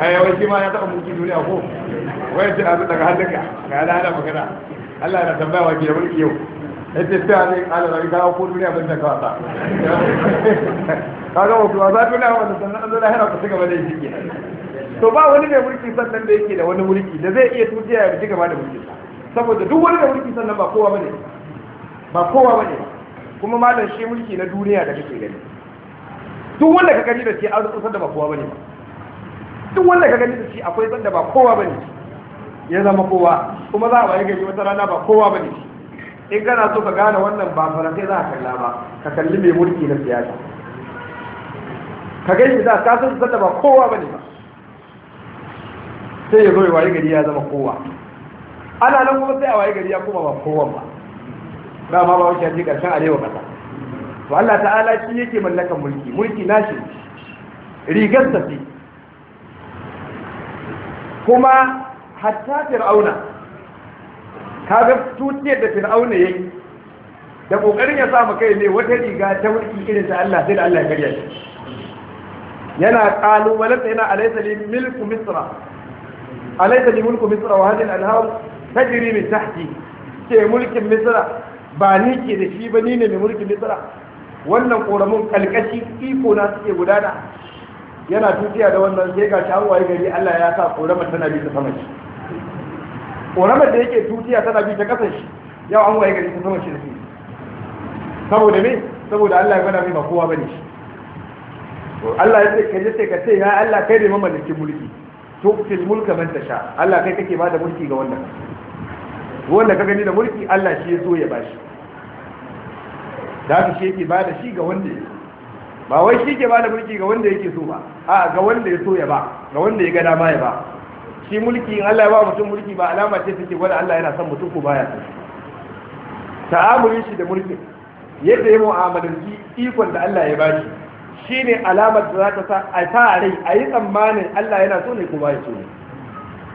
a yawanci ma ya taɓa mulki duniya ko wai sai a rubuta daga hannunka ga Allah da magana Allah na tambaya wa ke mulki yau yace sai a zai Allah rari kawo ko duniya ban da kawasa kaga wasu wasa duniya wanda sannan an zo lahira ku shiga gaba da yi shi to ba wani mai mulki sannan da yake da wani mulki da zai iya tujiya ya bi gaba da mulki sa saboda duk wani da mulki sannan ba kowa bane ba kowa bane kuma malam shi mulki na duniya da kake gani duk wanda ka gani da shi an kusa da ba kowa bane ba duk wanda ka gani da shi akwai da ba kowa bane ya zama kowa kuma za a bayi gari wata rana ba kowa bane in kana so ka gane wannan ba farantai za ka kalla ba ka kalli mai mulki na siyasa ka gani da ka san sanda ba kowa bane ba sai ya zo ya waye gari ya zama kowa ana nan kuma sai a waye gari ya kuma ba kowa ba ba ma ba wuce ji karshen arewa kasa to Allah ta'ala shi yake mallakan mulki mulki nashi rigar ta ce kuma hatta fir'auna ga tutiyar da fir'auna yayi da kokarin ya samu kai ne wata riga ta mulki irin ta Allah sai da Allah ya karya shi yana kalubalanta yana alaisa ne milku misra alaysa li mulku misra wa hadhihi al-anhar tajri min tahti ce mulkin misra ba ni ke da shi ba ni ne mai mulkin misra wannan koramin kalkashi iko na suke gudana yana tutiya da wannan sai ga shi an waye gari Allah ya sa koramar tana bi ta sama shi koramar da yake tutiya tana bi ta kasan shi yau an waye gari ta sama shi da shi saboda me saboda Allah ya gwada mai ba kowa bane shi Allah ya ce ka je sai ka ce ya Allah kai ne mamalikin mulki tuktil mulka man tasha Allah kai kake bada mulki ga wanda wanda ka gani da mulki Allah shi ya ya bashi da shi yake bada shi ga wanda ba wai shi ke bada mulki ga wanda yake so ba a ga wanda ya so ya ba ga wanda ya ga dama ya ba shi mulki in Allah ya ba mutum mulki ba alama ce take gwada Allah yana son mutum ko baya son ta'amulin shi da mulkin yadda ya mu'amalanci ikon da Allah ya bashi shine alamar da za ta sa a sa rai a yi tsammanin Allah yana so ne kuma ya so ne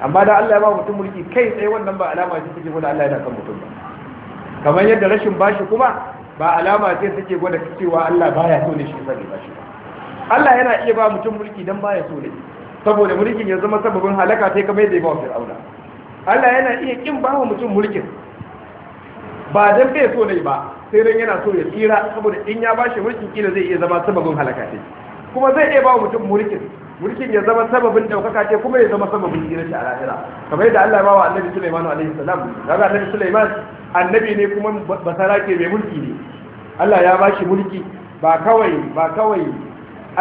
amma da Allah ya ba mutum mulki kai tsaye wannan ba alama ce take gwada Allah yana son mutum ba kamar yadda rashin bashi kuma ba alama ce take gwada cewa Allah baya so ne shi sani bashi ba Allah yana iya ba mutum mulki dan baya so ne saboda mulkin ya zama sababin halaka sai kamar yadda ya ba wa Fir'auna Allah yana iya kin ba mutum mulkin ba dan bai so ne ba sai dan yana so ya tsira saboda in ya bashi mulkin kila zai iya zama sababin halaka ce kuma zai iya ba mutum mulkin mulkin ya zama sababin daukaka ce kuma ya zama sababin gidan a lahira kamar yadda Allah ya bawa Annabi Sulaiman alaihi salam daga Annabi Sulaiman annabi ne kuma basarake mai mulki ne Allah ya bashi mulki ba kawai ba kawai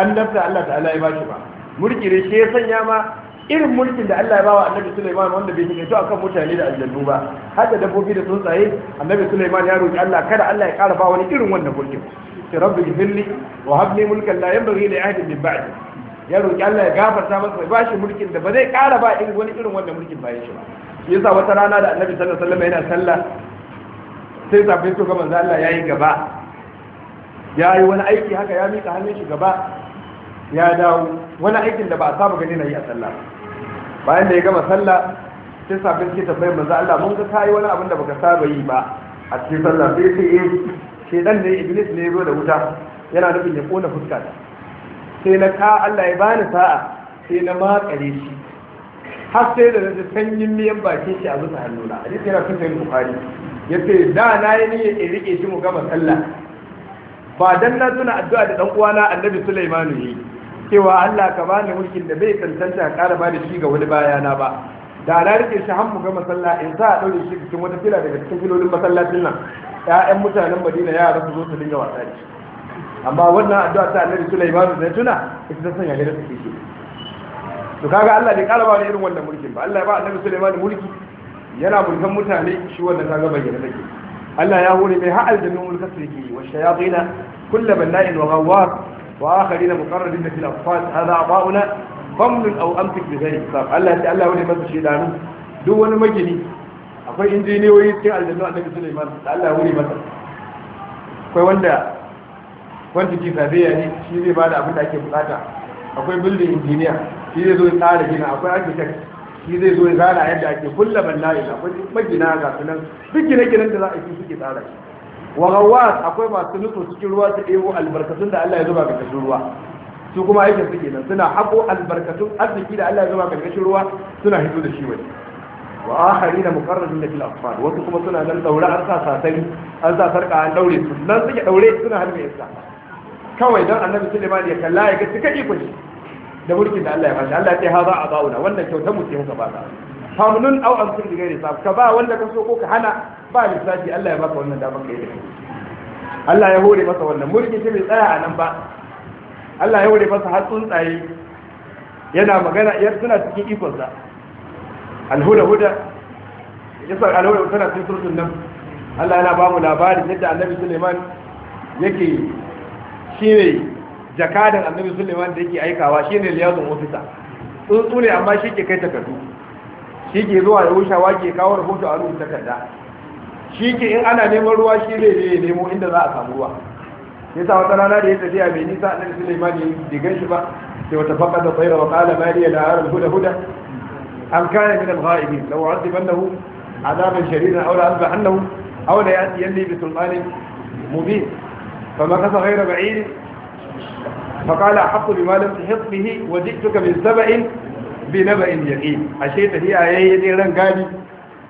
annabta Allah ta'ala ya bashi ba mulki ne shi ya sanya ma irin mulkin da Allah ya bawa annabi Sulaiman wanda bai shige to akan mutane da aljannu ba har da dabbobi da tsuntsaye annabi Sulaiman ya roki Allah kada Allah ya ƙara ba wani irin wannan mulkin sai rabbi ghfirli wa hab li mulkan la yanbaghi li ahadin min ba'di ya roki Allah ya gafarta masa ya bashi mulkin da ba zai ƙara ba irin wani irin wannan mulkin bayan shi ba shi yasa wata rana da annabi sallallahu alaihi wasallam yana sallah sai safin to ga manzo Allah yayi gaba yayi wani aiki haka ya mika hannun shi gaba ya dawo wani aikin da ba a saba gani na yi a sallah bayan da ya gama sallah sai safin ke tambayar manzo Allah mun ga kai wani abin da baka saba yi ba a cikin sallah sai ce eh shedan ne iblis ne zo da wuta yana nufin ya kona fuska ta sai na ka Allah ya bani sa'a sai na makare shi har sai da naji sanyin miyan bakin shi a zuwa hannuna hadisi yana cikin bukhari yace da na yi ne in rike shi mu gama sallah ba dan na tuna addu'a da dan uwana annabi Sulaiman yi cewa Allah ka bani mulkin da bai tantanta ƙara ba da shi ga wani bayana ba da na rike shi hammu ga masalla in za a ɗaure shi cikin wata fila daga cikin filolin masallacin nan ƴaƴan mutanen Madina yara su zo su dinga wasa da shi amma wannan addu'a ta Annabi Sulaiman da tuna ita ta sanya hira take shi to kaga Allah bai ƙara ba da irin wannan mulkin ba Allah ya ba Annabi Sulaiman mulki yana mulkan mutane shi wannan kaga bayyana take Allah ya hore mai har aljannu mulkar yake wa shayatina kullu banna'in wa ghawwar واخرين مقربين في الاصفاد هذا اعضاؤنا فمن او امسك بذلك صار الله تعالى ولي مس شيطان duk wani magini akwai injiniyoyi cikin aljannu annabi Sulaiman da Allah wuri masa akwai wanda wanda ki sabiya ne shi zai bada abin da ake bukata akwai building engineer shi zai zo ya tsara gina akwai architect shi zai zo ya zana yadda ake kulla ban layi akwai magina ga sunan duk gine-ginen da za a suke tsara wa gawas akwai masu nutsu cikin ruwa su ɗebo albarkatun da Allah ya zuba ƙarƙashin ruwa su kuma aikin suke nan suna haƙo albarkatun arziki da Allah ya zuba ƙarƙashin ruwa suna hito da shi wani wa akhari da muqarrabin da fil asfar wasu kuma suna nan daure an sa satari an sa sarka an daure su nan suke daure suna harbe iska kawai dan annabi Sulaiman ya kalla ya ga cika iko shi da mulkin da Allah ya bashi Allah ya ce haza azauna wannan kyauta mu ce muka ba ta famnun au an sun diga hisab ka ba wanda ka so ko ka hana ba lissafi Allah ya baka wannan damar kai da Allah ya hore masa wannan mulki ce bai tsaya a nan ba Allah ya hore masa har tsuntsaye yana magana yar suna cikin ikon sa alhuda huda yasa alhuda suna cikin surutun nan Allah yana ba mu labarin yadda Annabi Sulaiman yake shine jakadan Annabi Sulaiman da yake aikawa shine liyazun ofisa tsuntsu ne amma shi ke kai takardu shi zuwa ya wushawa ke kawo rahoto a ruwa takarda shi ke in ana neman ruwa shi ne ne nemo inda za a samu ruwa yasa wata rana da ya tafiya mai nisa a nan sulemani bai gan shi ba sai wata faka da tsaye wa kala ma riya larar huda huda an gidan da kana min al-ghaibi law azibannahu azaban shadidan aw la azbahannahu aw ya yati yanni bi sulmanin ba ma kasa ghayra ba'id فقال أحط بما لم تحط به وجئتك من سبأ bi na ba'in yaƙi ashe tafiya ya yi ne ran gadi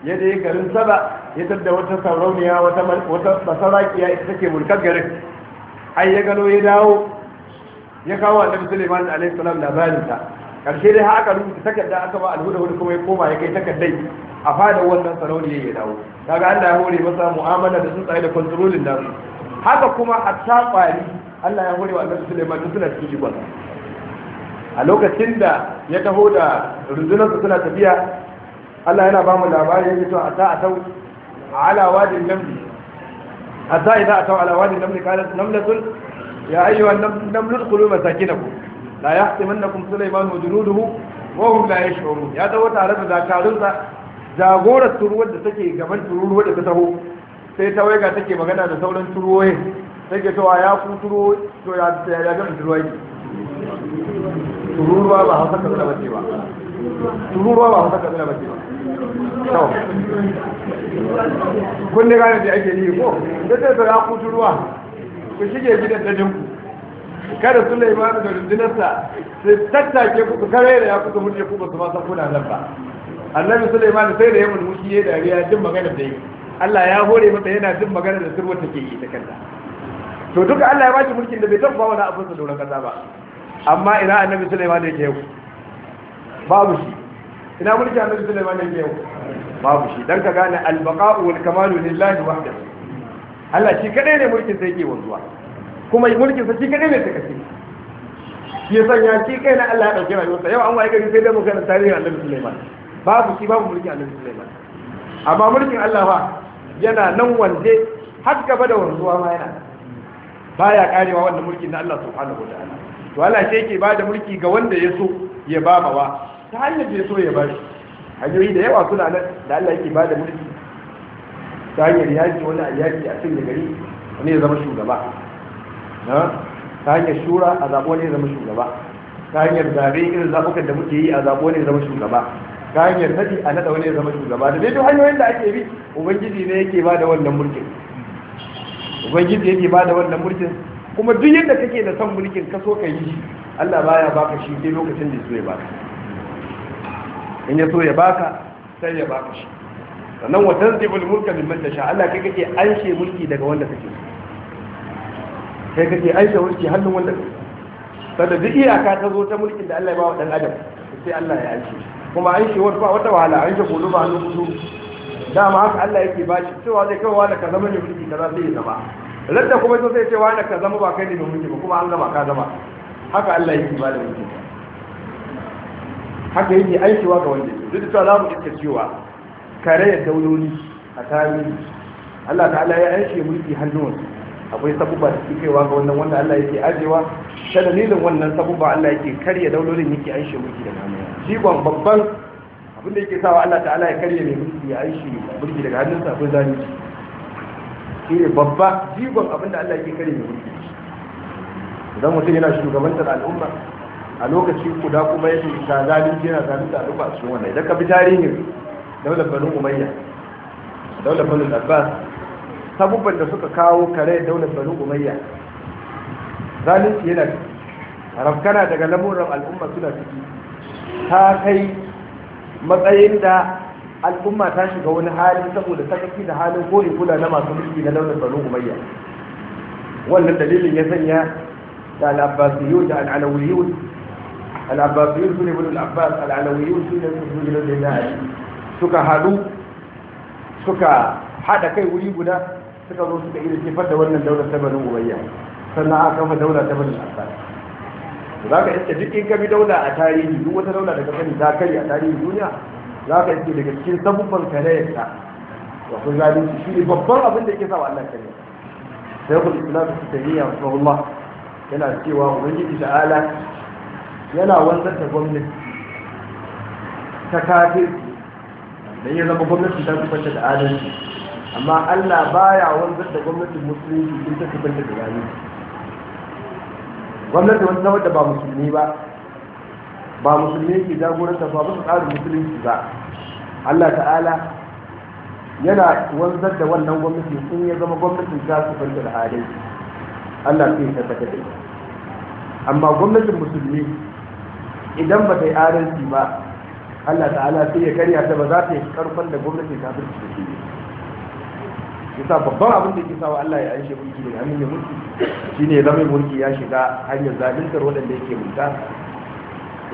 ya je garin saba ya tada wata sarauniya wata basarakiya ita take mulkar garin ai ya gano ya dawo ya kawo annabi suleiman alaihi salam labarinta karshe dai haka rubuta takarda aka ba alhuda wani kuma ya koma ya kai takardai a fadar wannan sarauniya ya dawo kaga Allah ya hore masa mu'amala da tsuntsaye da kontrolin nasu haka kuma a kwari Allah ya hore wa annabi suleiman suna cikin jigon a lokacin da ya taho da su suna tafiya Allah yana ba mu labari yake to a atau ala wadin namli hatta idza atau ala wadin namli qalat namlatun ya ayyuha an-namlu udkhulu masakinakum la yahtimannakum sulayman wa junuduhu wa hum la yash'urun ya taho tare da zakarunsa jagorar turuwar da take gaban turuwar da ta taho sai ta waiga take magana da sauran turuwoyi take cewa ya ku turuwoyi to ya ga turuwoyi tururuwa ba hausa katsina bace ba tururuwa ba hausa katsina bace ba kyau kun ne gane da ake yi ko da zai zara ku turuwa ku shige gidan dajinku kada su laimanu da rundunarsa sai tattake ku su kare da ya kusa mutu ku ba su ma san kuna nan ba annabi sulaiman sai da ya mulmuki ya dariya jin magana da yi Allah ya hore masa yana jin magana da sirwar take yi ta kanta to duka Allah ya baki mulkin da bai tabbawa na abin sa doron kasa ba amma ina annabi Sulaiman yake yau babu shi ina mulki annabi Sulaiman yake yau babu shi dan ka gane albaka baqau wal kamalu lillahi wahdahu Allah shi kadai ne mulkin sa yake wanzuwa kuma mulkin sa shi kadai ne take shi shi sanya shi kai na Allah ya dauke rayuwarsa yau an waye gari sai dai mu tarihi tarihin annabi Sulaiman babu shi babu mulkin annabi Sulaiman amma mulkin Allah ba yana nan wande har gaba da wanzuwa ma yana baya karewa wannan mulkin na Allah subhanahu wa ta'ala to Allah sai yake ba da mulki ga wanda ya so ya ba mawa ta hanyar da ya so ya ba shi hanyoyi da yawa suna nan da Allah yake ba da mulki ta hanyar yaki wani a yaki a cikin gari wani ya zama shugaba ta hanyar shura a zaɓo wani ya zama shugaba ta hanyar zaɓe irin zaɓukan da muke yi a zaɓo wani ya zama shugaba ta hanyar nadi a naɗa wani ya zama shugaba da daidai hanyoyin da ake bi ubangiji ne yake ba da wannan mulkin ubangiji yake ba da wannan mulkin kuma duk yadda kake da son mulkin kaso ka yi Allah baya baka shi sai lokacin da so ya baka in ya so ya baka sai ya baka shi sannan wa tanzibul mulka man tasha Allah kai kake anshe mulki daga wanda kake so kai kake anshe mulki hannun wanda kake Sannan duk iyaka ta zo ta mulkin da Allah ya bawa dan adam sai Allah ya anshe kuma anshe wata wata wahala anshe kudu ba hannu kudu dama haka Allah yake ba shi cewa zai kai wa da ka zama ne mulki kaza sai ya zama ladda kuma zo sai ce wani ka zama ba kai ne mai mulki ba kuma an gama ka zama haka Allah yake ba da mulki haka yake aikewa ga wanda duk da cewa za mu iska cewa kare ya dauloli a tarihi Allah ta'ala ya aike mulki hannun akwai sabubba da suke kaiwa ga wannan wanda Allah yake ajewa ta dalilin wannan sabubba Allah yake karya daulolin yake aishe mulki da hannunsa jigon babban abin da yake sawa Allah ta'ala ya karya mai mulki ya aishe mulki daga hannunsa akwai zalunci shi ne babba jigon abinda Allah ke kare mai mulki idan mutum yana shugabantar al'umma a lokaci guda kuma ya ta zalunci yana zalunta al'umma a cikin wannan idan ka bi tarihin daular banu umayya daular banu abbas sabubban da suka kawo kare daular banu umayya zalunci yana rafkana daga lamuran al'umma suna ciki ta kai matsayin da al'umma ta shiga wani hali saboda ta kafi da halin kore kula na masu mulki na launin banu umayya wannan dalilin ya sanya da al'abbasiyun da al'alawiyun al'abbasiyun su ne wani al'abbas al'alawiyun sun ne su ne da na suka haɗu suka haɗa kai wuri guda suka zo suka iya kifar da wannan daular ta banu umayya sannan aka kafa daula ta banu abbas za ka iska duk in ka bi daula a tarihi duk wata daula daga sani ta kari a tarihin duniya za ka iske daga cikin sabubban karayarsa da kun zalunci shi ne babban abin da yake sa wa Allah kare sai ku islam su tariya rahimahullah yana cewa ubangiji ta'ala yana wanzar da gwamnati ta kafir da ya zama gwamnati ta kubanta da adalci amma Allah baya wanzar da gwamnatin musulunci sun ta kubanta da zalunci gwamnati wanda ba musulmi ba ba musulmi ke jagoranta ba musu tsarin musulunci ba Allah ta'ala yana wanzar da wannan gwamnati sun ya zama gwamnatin ta su fanta da halai Allah sai ya tabbata da amma gwamnatin musulmi idan ba ta yi adalci ba Allah ta'ala sai ya karya ta ba za ta yi karfan da gwamnatin kafirci da shi yasa babban abin da ke sawa Allah ya anshe mulki da hannun mulki shine ne zama mulki ya shiga hanyar zaluntar waɗanda yake mulka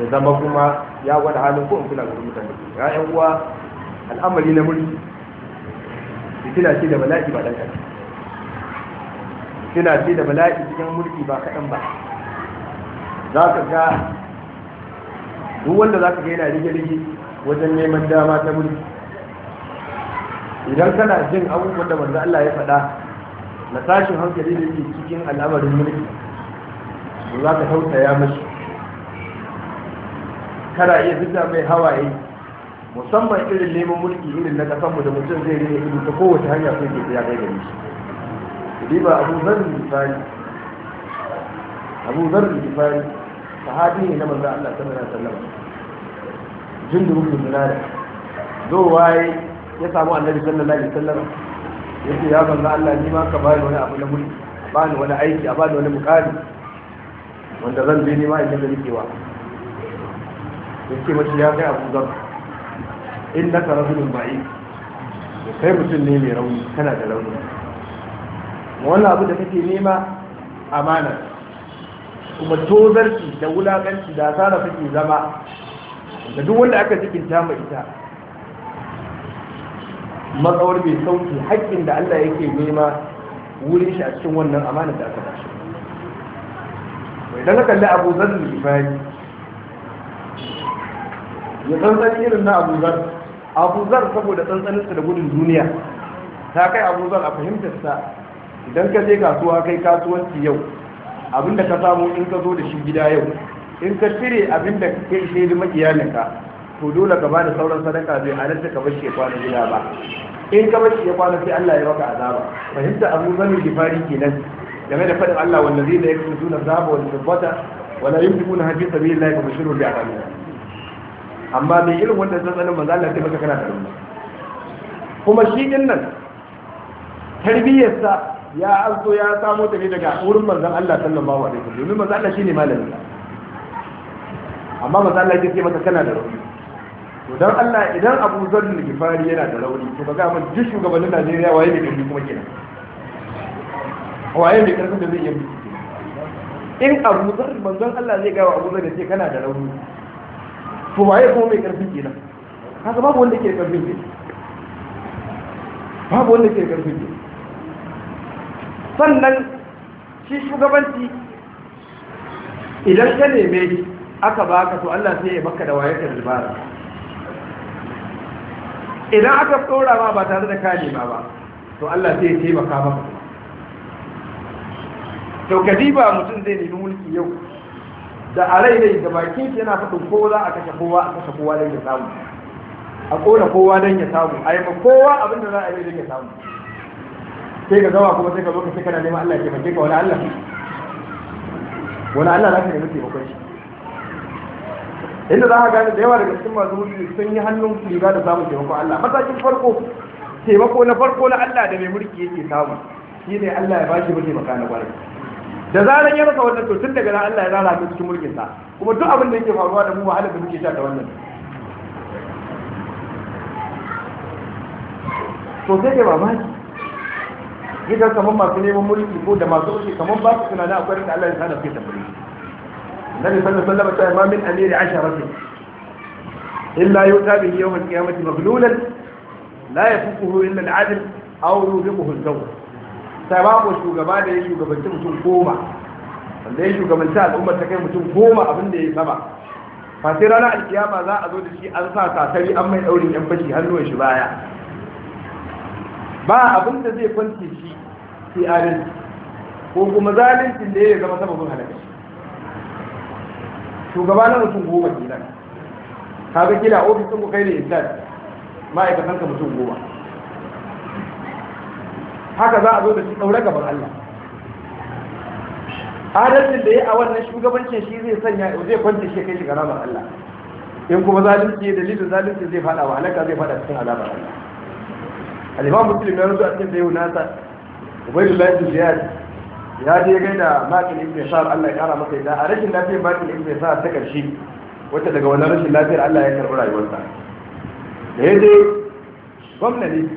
ya zama kuma ya gwada halin ko in kula ga mutane ya yan uwa al'amari na mulki fitina ce da bala'i ba dan kaɗan fitina ce da bala'i cikin mulki ba kaɗan ba za ka ga duk wanda za ka ga yana rige-rige wajen neman dama ta mulki idan kana jin abubuwan da manzo Allah ya faɗa na tashin hankali da ke cikin al'amarin mulki za ka tausaya mashi kana iya fita mai hawaye musamman irin neman mulki irin na kasanmu da mutum zai rene ido ta kowace hanya sai ke ya gaida shi riba abu zarri misali abu zarri misali sahabi ne na manzo Allah sallallahu alaihi wasallam jindu bin zinari zo waye ya samu annabi sallallahu alaihi wasallam yace ya manzo Allah ni ma ka bani wani abu na mulki bani wani aiki a bani wani mukami wanda zan je ni ma in da nake wa yake mace ya kai abu zar in na ka rajulun ba'i da kai mutum ne mai rauni kana da rauni wannan abu da kake nema amanar, kuma tozarci da wulakanci da asara kake zama da duk wanda aka cikin ma ita matsawar mai sauki haƙƙin da Allah yake nema wurin shi a cikin wannan amanar da aka bashi idan ka kalli abu zan lifani ya tsantsani irin na abuzar abuzar saboda tsantsaninsa da gudun duniya ta kai abuzar a fahimtarsa idan ka je kasuwa kai kasuwanci yau abinda ka samu in ka zo da shi gida yau in ka cire abinda ka ishe da makiyaninka to dole ka bada sauran sadaka zai halatta ka bashi ya kwana gida ba in ka bashi ya kwana sai Allah ya baka azaba fahimta abu zami gifari kenan game da fadin Allah wallazina yakfuruna zaba wal fiddata wala yunfiquna fi sabilillahi fa a bi'adabin amma mai irin wannan tsantsanin manzo Allah sai maka kana da ruwa kuma shi din nan tarbiyyarsa ya azo ya samo ta ne daga wurin manzon Allah sallallahu alaihi wasallam domin manzo Allah shine malami amma manzo Allah ya maka kana da ruwa to dan Allah idan Abu Zarr Gifari yana da rauni to ga mun duk shugabannin Najeriya waye ne kan kuma kenan waye ne karfin da zai yi in Abu Zarr manzon Allah zai ga Abu Zarr ya ce kana da rauni to ya kuma mai karfin kenan haka babu wanda ke karfin ne babu wanda ke karfin ne sannan shi shugabanci idan ka neme aka ba ka to Allah sai ya baka da waye ka dabara idan aka tsora ma ba tare da ka ma ba to Allah sai ya taimaka maka to kadiba mutum zai nemi mulki yau da a rai rai da bakin shi yana faɗin kowa za a kashe kowa a kashe kowa don ya samu a ƙona kowa don ya samu a yi ma kowa abin da za a yi don ya samu sai ka zama kuma sai ka zo ka sai kana neman Allah ya taimake ka wani Allah wani Allah za ka nemi taimakon shi inda za ka gane da yawa daga cikin masu mulki sun yi hannun riga da samun taimakon Allah matakin farko taimako na farko na Allah da mai mulki yake samu shine Allah ya bashi mataimaka na kwarai da zaran ya maka wannan to tun daga nan Allah ya zara ka cikin mulkin sa kuma duk abin da yake faruwa da mu wahalar da muke sha ta wannan to sai da mamaki gidan kamar masu neman mulki ko da masu mulki kamar ba su tunanin akwai da Allah ya sana suke tambaye Nabi sallallahu alaihi wasallam ta ma min amiri asharatin illa yuta bihi yawm al-qiyamati maghlulan la yafuquhu illa al-'adl aw yufiquhu al-zawj ku shugaba da ya shugabanci mutum goma wanda ya shugabanci al'ummar ta kai mutum goma abin da ya saba fasai sai alkiyama za a zo da shi an sa satari an mai daurin yan fashi hannuwan shi baya ba abin da zai kwance shi sai arin ko kuma zalincin da ya zama sababin halaka shugaba na mutum goma ka ga kila ofisin ku kai ne intan ma'aikatan ka mutum goma haka za a zo da shi ɗaure gaban Allah adalcin da ya a wannan shugabancin shi zai sanya zai kwanta shi kai shiga ramar Allah in kuma zalunci ya dalilin zalunci zai faɗa wa halaka zai faɗa cikin azabar Allah al-Imam Muslim ya a cikin yau nasa Ubaidu ibn Ziyad ya je gai da Maqil ibn sa'ar Allah ya ƙara masa da a rashin lafiyar Maqil ibn sa'ar ta ƙarshe wacce daga wannan rashin lafiyar Allah ya karɓi rayuwarsa da ya je gwamnati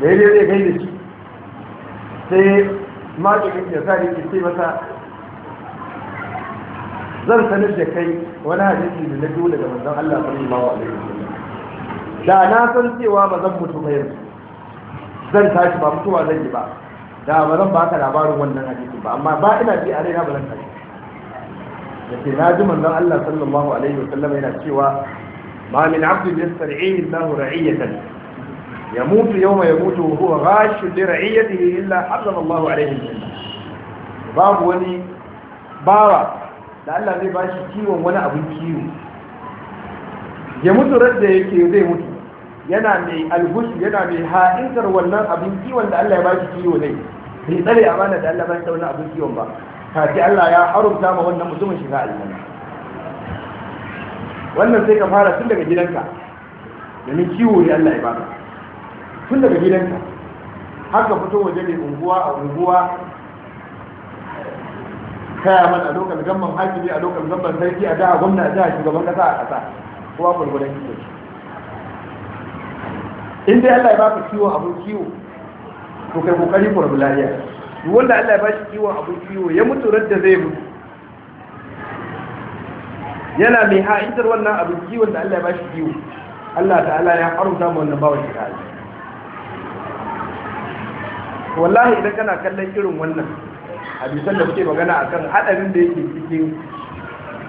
Daidai ya zai kai da shi sai maganin ya sa da ke sai masa zan sanar da kai wani hadisi da na biyu daga manzon Allah mawa alaihi wasallam da na san cewa ba zan mutu ba zan tashi ba mutuwa zan yi ba da ba zan baka labarin wannan hadisi ba amma ba ina ji a raina ba zan tashi da ke na ji manzon Allah sallallahu alaihi wasallam yana cewa ma min abdin yastar'ihi Allahu ra'iyatan Ya mutu mutu, yau يموت rashin يموت وهو غاش illa إلا حرم الله عليه الجنة Babu wani bawa da Allah zai ba shi kiwon wani abin kiwo ya mutu radda yake zai mutu yana mai algushi yana mai ha'intar wannan abin kiwon da Allah ya ba shi kiwo ne bai tsare amana da Allah ba shi wani abin kiwon ba kaji Allah ya haramta ma wannan mutumin shiga aljanna wannan sai ka fara tun daga gidanka domin kiwo ne Allah ya baka tun daga gidanka har ka fito waje mai unguwa a unguwa kaya man a lokal gamban hakimi a lokal gamban sarki a da'a gwamna a jiha shugaban kasa a kasa kowa gwargwadon kiwo in dai Allah ya baka kiwo abun kiwo to kai kokari ku rabu lafiya wanda Allah ya bashi kiwo abun kiwo ya mutu radda zai mutu yana mai ha'intar wannan abin kiwon da Allah ya bashi kiwo Allah ta'ala ya haramta mu wannan bawa shi ta'ala wallahi idan kana kallon irin wannan hadisan da suke magana akan hadarin da yake cikin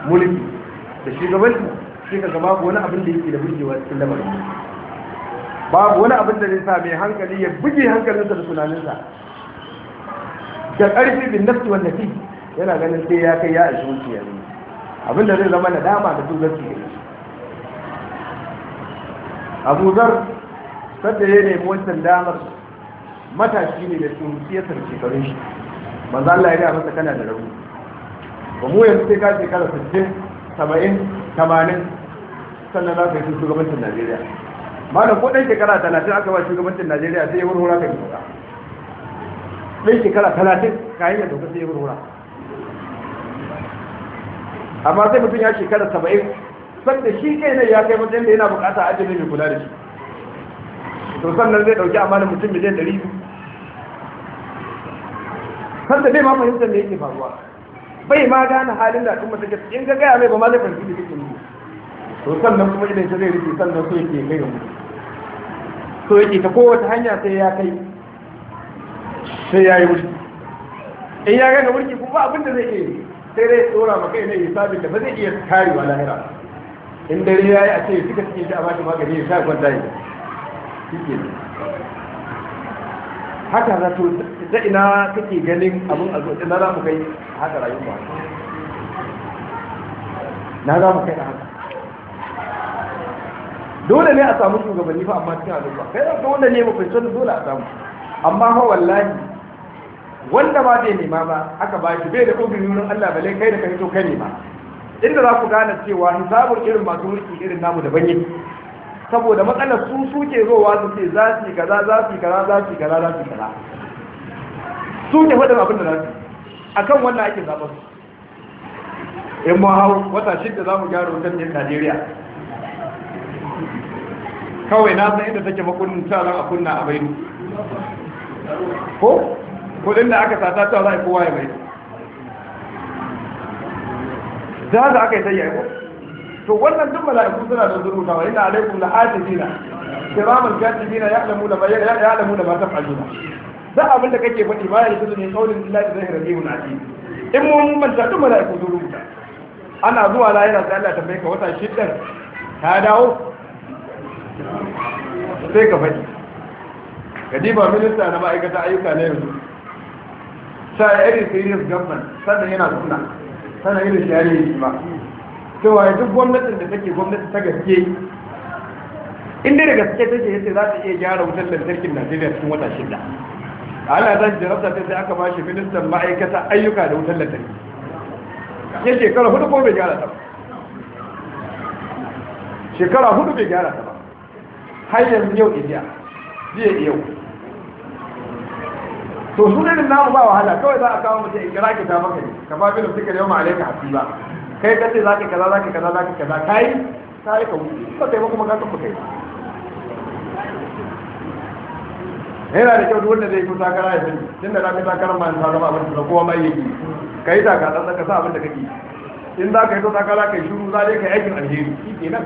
mulki da shugabanci sai ka gaba wani abin da yake da burgewa cikin lamarin babu wani abin da zai sa mai hankali ya buge hankalinsa da tunaninsa da ƙarfi bin nafsi wanda fi yana ganin sai ya kai ya a zuciya ne abin da zai zama nadama da duk zarki gare shi abu zar sadda ya nemi wancan damar matashi ne da siyasar shekarun shi manzo Allah ya ga masa kana da rauni ba mu yanzu sai ka shekara 60 70 80 sannan za ka yi shugabancin Najeriya malam ko dan shekara 30 aka ba shugabancin Najeriya sai ya wurwura ka yi doka dan shekara 30 kayan ya doka sai ya wurwura amma sai mutum ya shekara 70 sanda shi kai ne ya kai mutum da yana bukata ajiyar mai kula da shi to sannan zai dauki da mutum miliyan 200 wanda bai ma fahimtar me yake faruwa bai ma gane halin da al'umma take in ga gaya mai ba ma zai fahimci da cikin yi to sannan kuma idan zai rike sannan so yake kai mu so yake ta kowace hanya sai ya kai sai ya yi wuri in ya gane wurki kuma ba abin da zai iya sai dai tsora kai ne hisabin da ba zai iya karewa lahira in dare ya yi a ce suka cikin shi a bashi magani ya sha gwanda yi haka ta ta ina kake ganin abin a na za mu kai a haka ba na za mu kai a haka dole ne a samu shugabanni fa amma cikin al'umma kai ka dole ne mafi sun dole a samu amma ha wallahi wanda ba zai nema ba aka ba shi bai da kogin nurin Allah balai kai da kai to kai ne ba inda za ku gane cewa hisabun irin masu mulki irin namu daban yake saboda matsalar su suke zowa su ce za su yi kaza za su yi kaza za su yi kaza za su yi kaza su ne faɗin abin da na su a kan wannan ake zaɓar su in ma hau wata da za mu gyara wutar yin najeriya kawai na san inda take makonin taron a kunna a bai ko kudin da aka sata ta za a yi kowa ya bai za za aka yi ta yi to wannan duk mala'iku suna da zuru na wani na alaikum la hajjina kiraman katibina ya'lamu da ya ya'lamu da ma Za a abinda kake faɗi ba ya yi ne kaulin lafi zai rage mun aji in mun manta duk ku zuru ta. ana zuwa lahira sai Allah bai ka wata ɗan. ta dawo sai ka faɗi kadiba minista na ma'aikata ayyuka na yanzu sa irin serious government sannan yana suna sannan da shari'a yi ba cewa ya duk gwamnatin da take gwamnati ta gaske inda da gaske take yace za ta iya gyara wutar lantarkin najeriya cikin wata shida ana zan jarabta sai aka ba shi ministan ma'aikata ayyuka da wutar lantarki ya shekara hudu ko bai gyara ta ba shekara hudu bai gyara ta ba har yanzu yau idiya jiya yau to sunanin ne namu ba wahala kawai za a kawo mutum in kira kita maka ne ka ba bilin suka yau ma'alaika hasiba kai ka ce za ka kaza za ka kaza za ka kaza ka yi ka yi ka wuce ba kai ba kuma ka tafi kai yana da kyau wanda zai kusa kara ya sani tun da zafi takarar ma ta zama abin da kowa mai yake ka yi taka tsantsan ka sa abin da kake in za ka yi takara ka yi shuru za dai ka yi aikin alheri shi nan.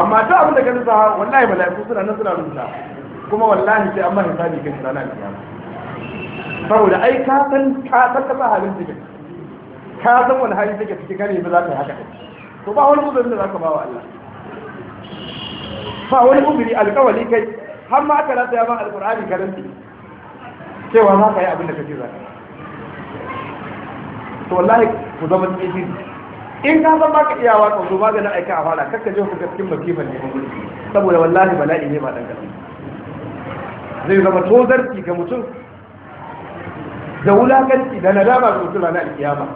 amma ta abin da ka nisa wallahi mala'iku suna nan suna rubuta kuma wallahi sai amma hisabi kai rana da kiyama saboda ai ka san ka san ka sa halin take ka san wani hali take take kare ba za ka yi haka to ba wani mutum da za ka ba wa Allah ba wani uzuri alƙawari kai har ma aka rasa ya ba alkur'ani karanti cewa za ka yi abin da kake zaka to wallahi ku zama cikin in ka zama ka iyawa ka zo maganin aika a fara kakka je ku cikin masifan ne saboda wallahi bala'i ne ba dan gaba zai zama tozarci ga mutum da wulakanci da nadama ga mutum na alkiyama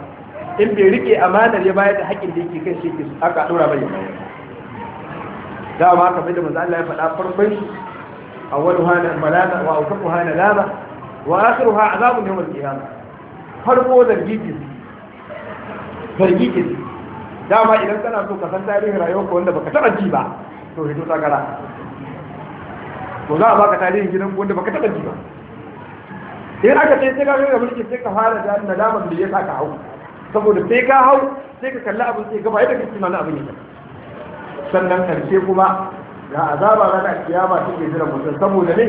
in bai rike amanar ya bayar da haƙƙin da yake kan shi aka ɗora bai bayar dama bai da manzo Allah ya faɗa farkon awwaluha malama wa awsafuha nalama wa akhiruha azabun yawm al-qiyamah farko zargi ce zargi ce dama idan kana so ka san tarihin rayuwarka wanda baka taba ji ba to hito tsakara to za a baka tarihin gidan wanda baka taba ji ba in aka ce sai ka ga mulki sai ka fara hau saboda sai ka hau sai ka abin sannan kuma da azaba ranar kiyama take jira mutum saboda ne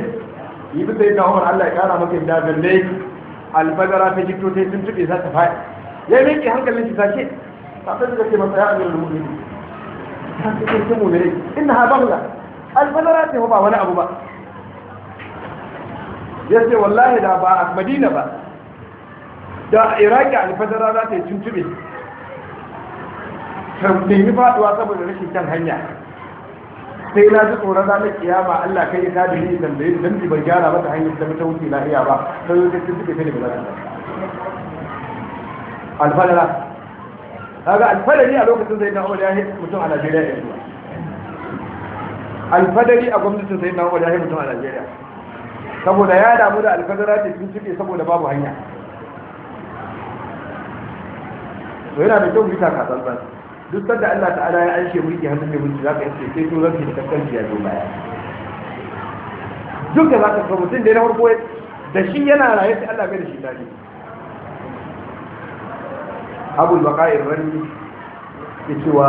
yi bisa yi kawo Allah ya kara maka da zalle alfagara ta gito ta sun tuɗe za ta faɗi ya yi miƙe hankalin shi sake ba ta da ke masa ya amir ne ta ce ce mu ne inna ha bangla alfagara ta ba wani abu ba ya ce wallahi da ba a madina ba da iraki alfagara za ta yi tuntuɓe ta nemi faɗuwa saboda rashin kan hanya sai na ji tsoron ranar kiyama Allah kai da yi ni da bai zan ba gyara mata hanyar da ta wuce lahiya ba sai yau kace suke kai da bazan alfalala kaga alfalali a lokacin sai na Umar ya mutum a Najeriya ya zuwa alfadari a gwamnatin sai na Umar ya mutum a Najeriya saboda ya damu da alfadara da cikin cike saboda babu hanya to yana da kyau bita yi tsantsan duk sanda Allah ta'ala ya anshe mulki hannun mai mulki zaka yi sai to zaka da kaskanci ya zo baya duk da zaka ga mutum da na farko da shi yana raye sai Allah bai da shi dadi Abu Bakar Rani ke cewa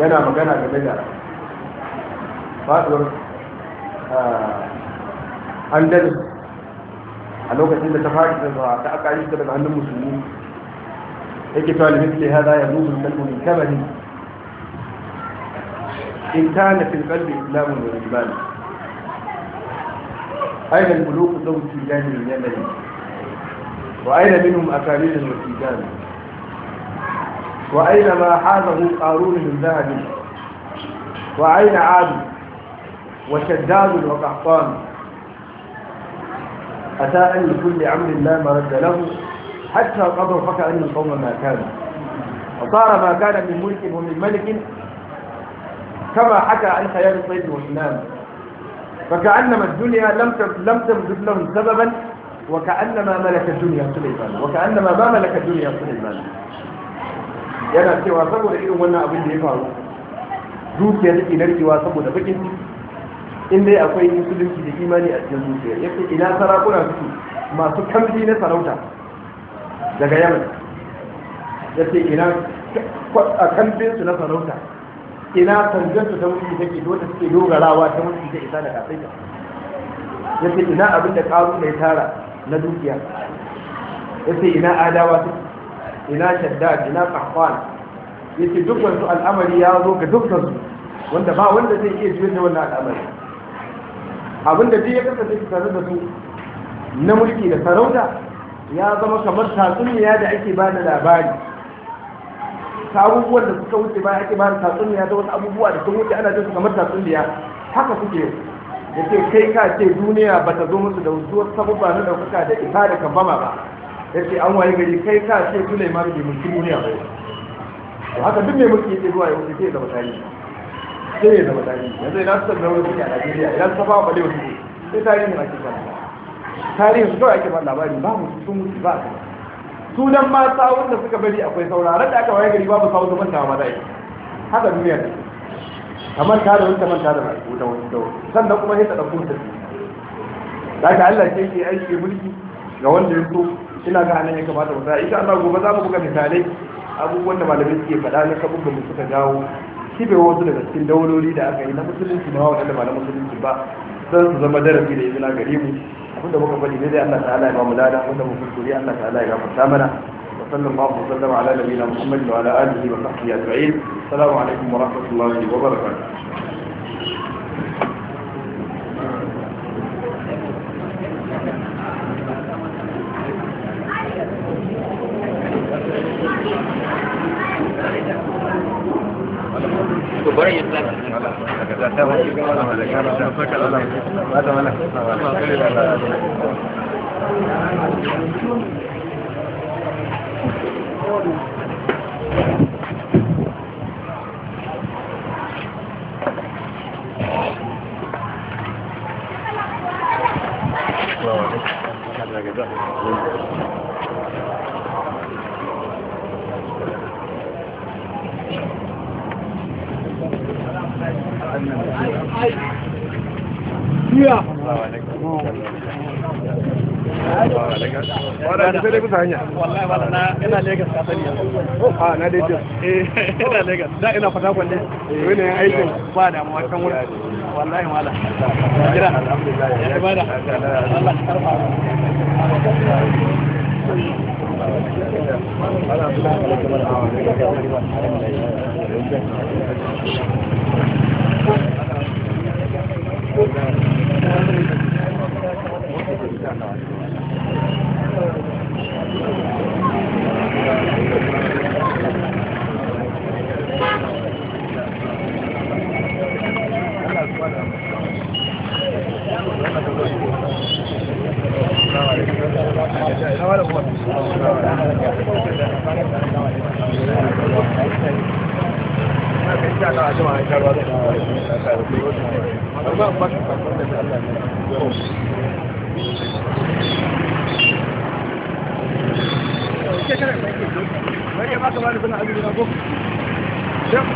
yana magana game da faɗuwar ah, Andalus a lokacin da ta fara da ta aka yi ta daga hannun musulmi يجب على مثل هذا ya zuzu من كبه إن كان في fil إسلام islamun أين الملوك ذو التيجان من يمن وأين منهم أكاليل وتيجان وأين ما حاضه قارون من ذهب وأين عاد وشداد وقحطان أتى أن لكل عمل لا مرد له حتى قضوا فكأن القوم ما كانوا وصار ما كان من ملك ومن ملك كما حكى عن خيال الصيد والإمام فكأنما الدنيا لم لم تمدد لهم سببا وكأنما ملك الدنيا سليمان وكأنما ما ملك الدنيا سليمان yana cewa saboda irin wannan abin da ya faru zuciya take narkewa saboda bakin ciki in dai akwai musulunci da imani a cikin zuciya yace ina sarakuna suke masu kambi na sarauta daga yaman ya ce ina a kambinsu na sarauta ina sanjansu ta mutu take wata suke dogarawa ta mulki ta isa da kafinta? ya ce ina abin da karu mai tara na dukiya ya ce ina adawa su ina shadda ina kafan ya ce duk wasu al'amari ya zo ga dukkansu wanda ba wanda zai iya jiyar da wannan al'amari abin da yi ya kasance tare da su na mulki da sarauta ya zama kamar tatsuniya da ake ba da labari ta abubuwan da suka wuce ba ake ba da tatsuniya da wasu abubuwa da sun wuce ana jinsu kamar tatsuniya haka suke da ce kai ka ce duniya ba ta zo musu da wasu sabubba na ɗaukaka da isa da kambama ba ya ce an waye gari kai ka ce dole ma bai mulki duniya ba to haka duk mai mulki yake zuwa yau wuce sai ya zama tarihi sai ya zama tarihi yanzu ina su da wani suke a najeriya idan safa ba da wasu sai ne ake kanta tarihin su kawai ake ba labari ba mu sun mutu ba su nan ma tsawon da suka bari akwai sauraron da aka waye gari babu sawun zaman da ma dai haka duniya ne kamar ta da wata manta da mai wuta wata sannan kuma sai ta dauko ta da ka Allah ke ke aiki mulki ga wanda ya ina ga anan ya kamata wata insha Allah gobe za mu buga misalai abubuwan da malamai suke faɗa na kabubban da suka jawo kibewa wasu daga cikin daulori da aka yi na musulunci ma waɗanda ba na musulunci ba don su zama darasi da izina gare mu abinda muka faɗi ne zai Allah ta'ala ya ba mu lada abinda mu kuskure Allah ta'ala ya gafarta mana wa sallallahu wa sallama ala nabiyina Muhammad wa ala alihi wa sahbihi ajma'in assalamu alaikum wa rahmatullahi wa barakatuh Eh, ina Lagos da ina fata kwalle wani aikin ba da mu wuri wallahi mala jira alhamdulillah ya Allah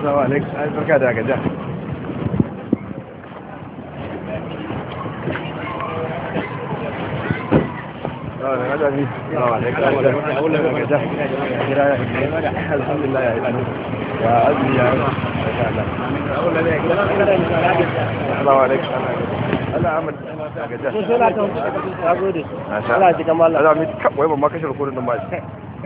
Assalamu alaikum. Ai barka da gaja. ya Ya ya Allah na kan. Allah ji Allah. Allah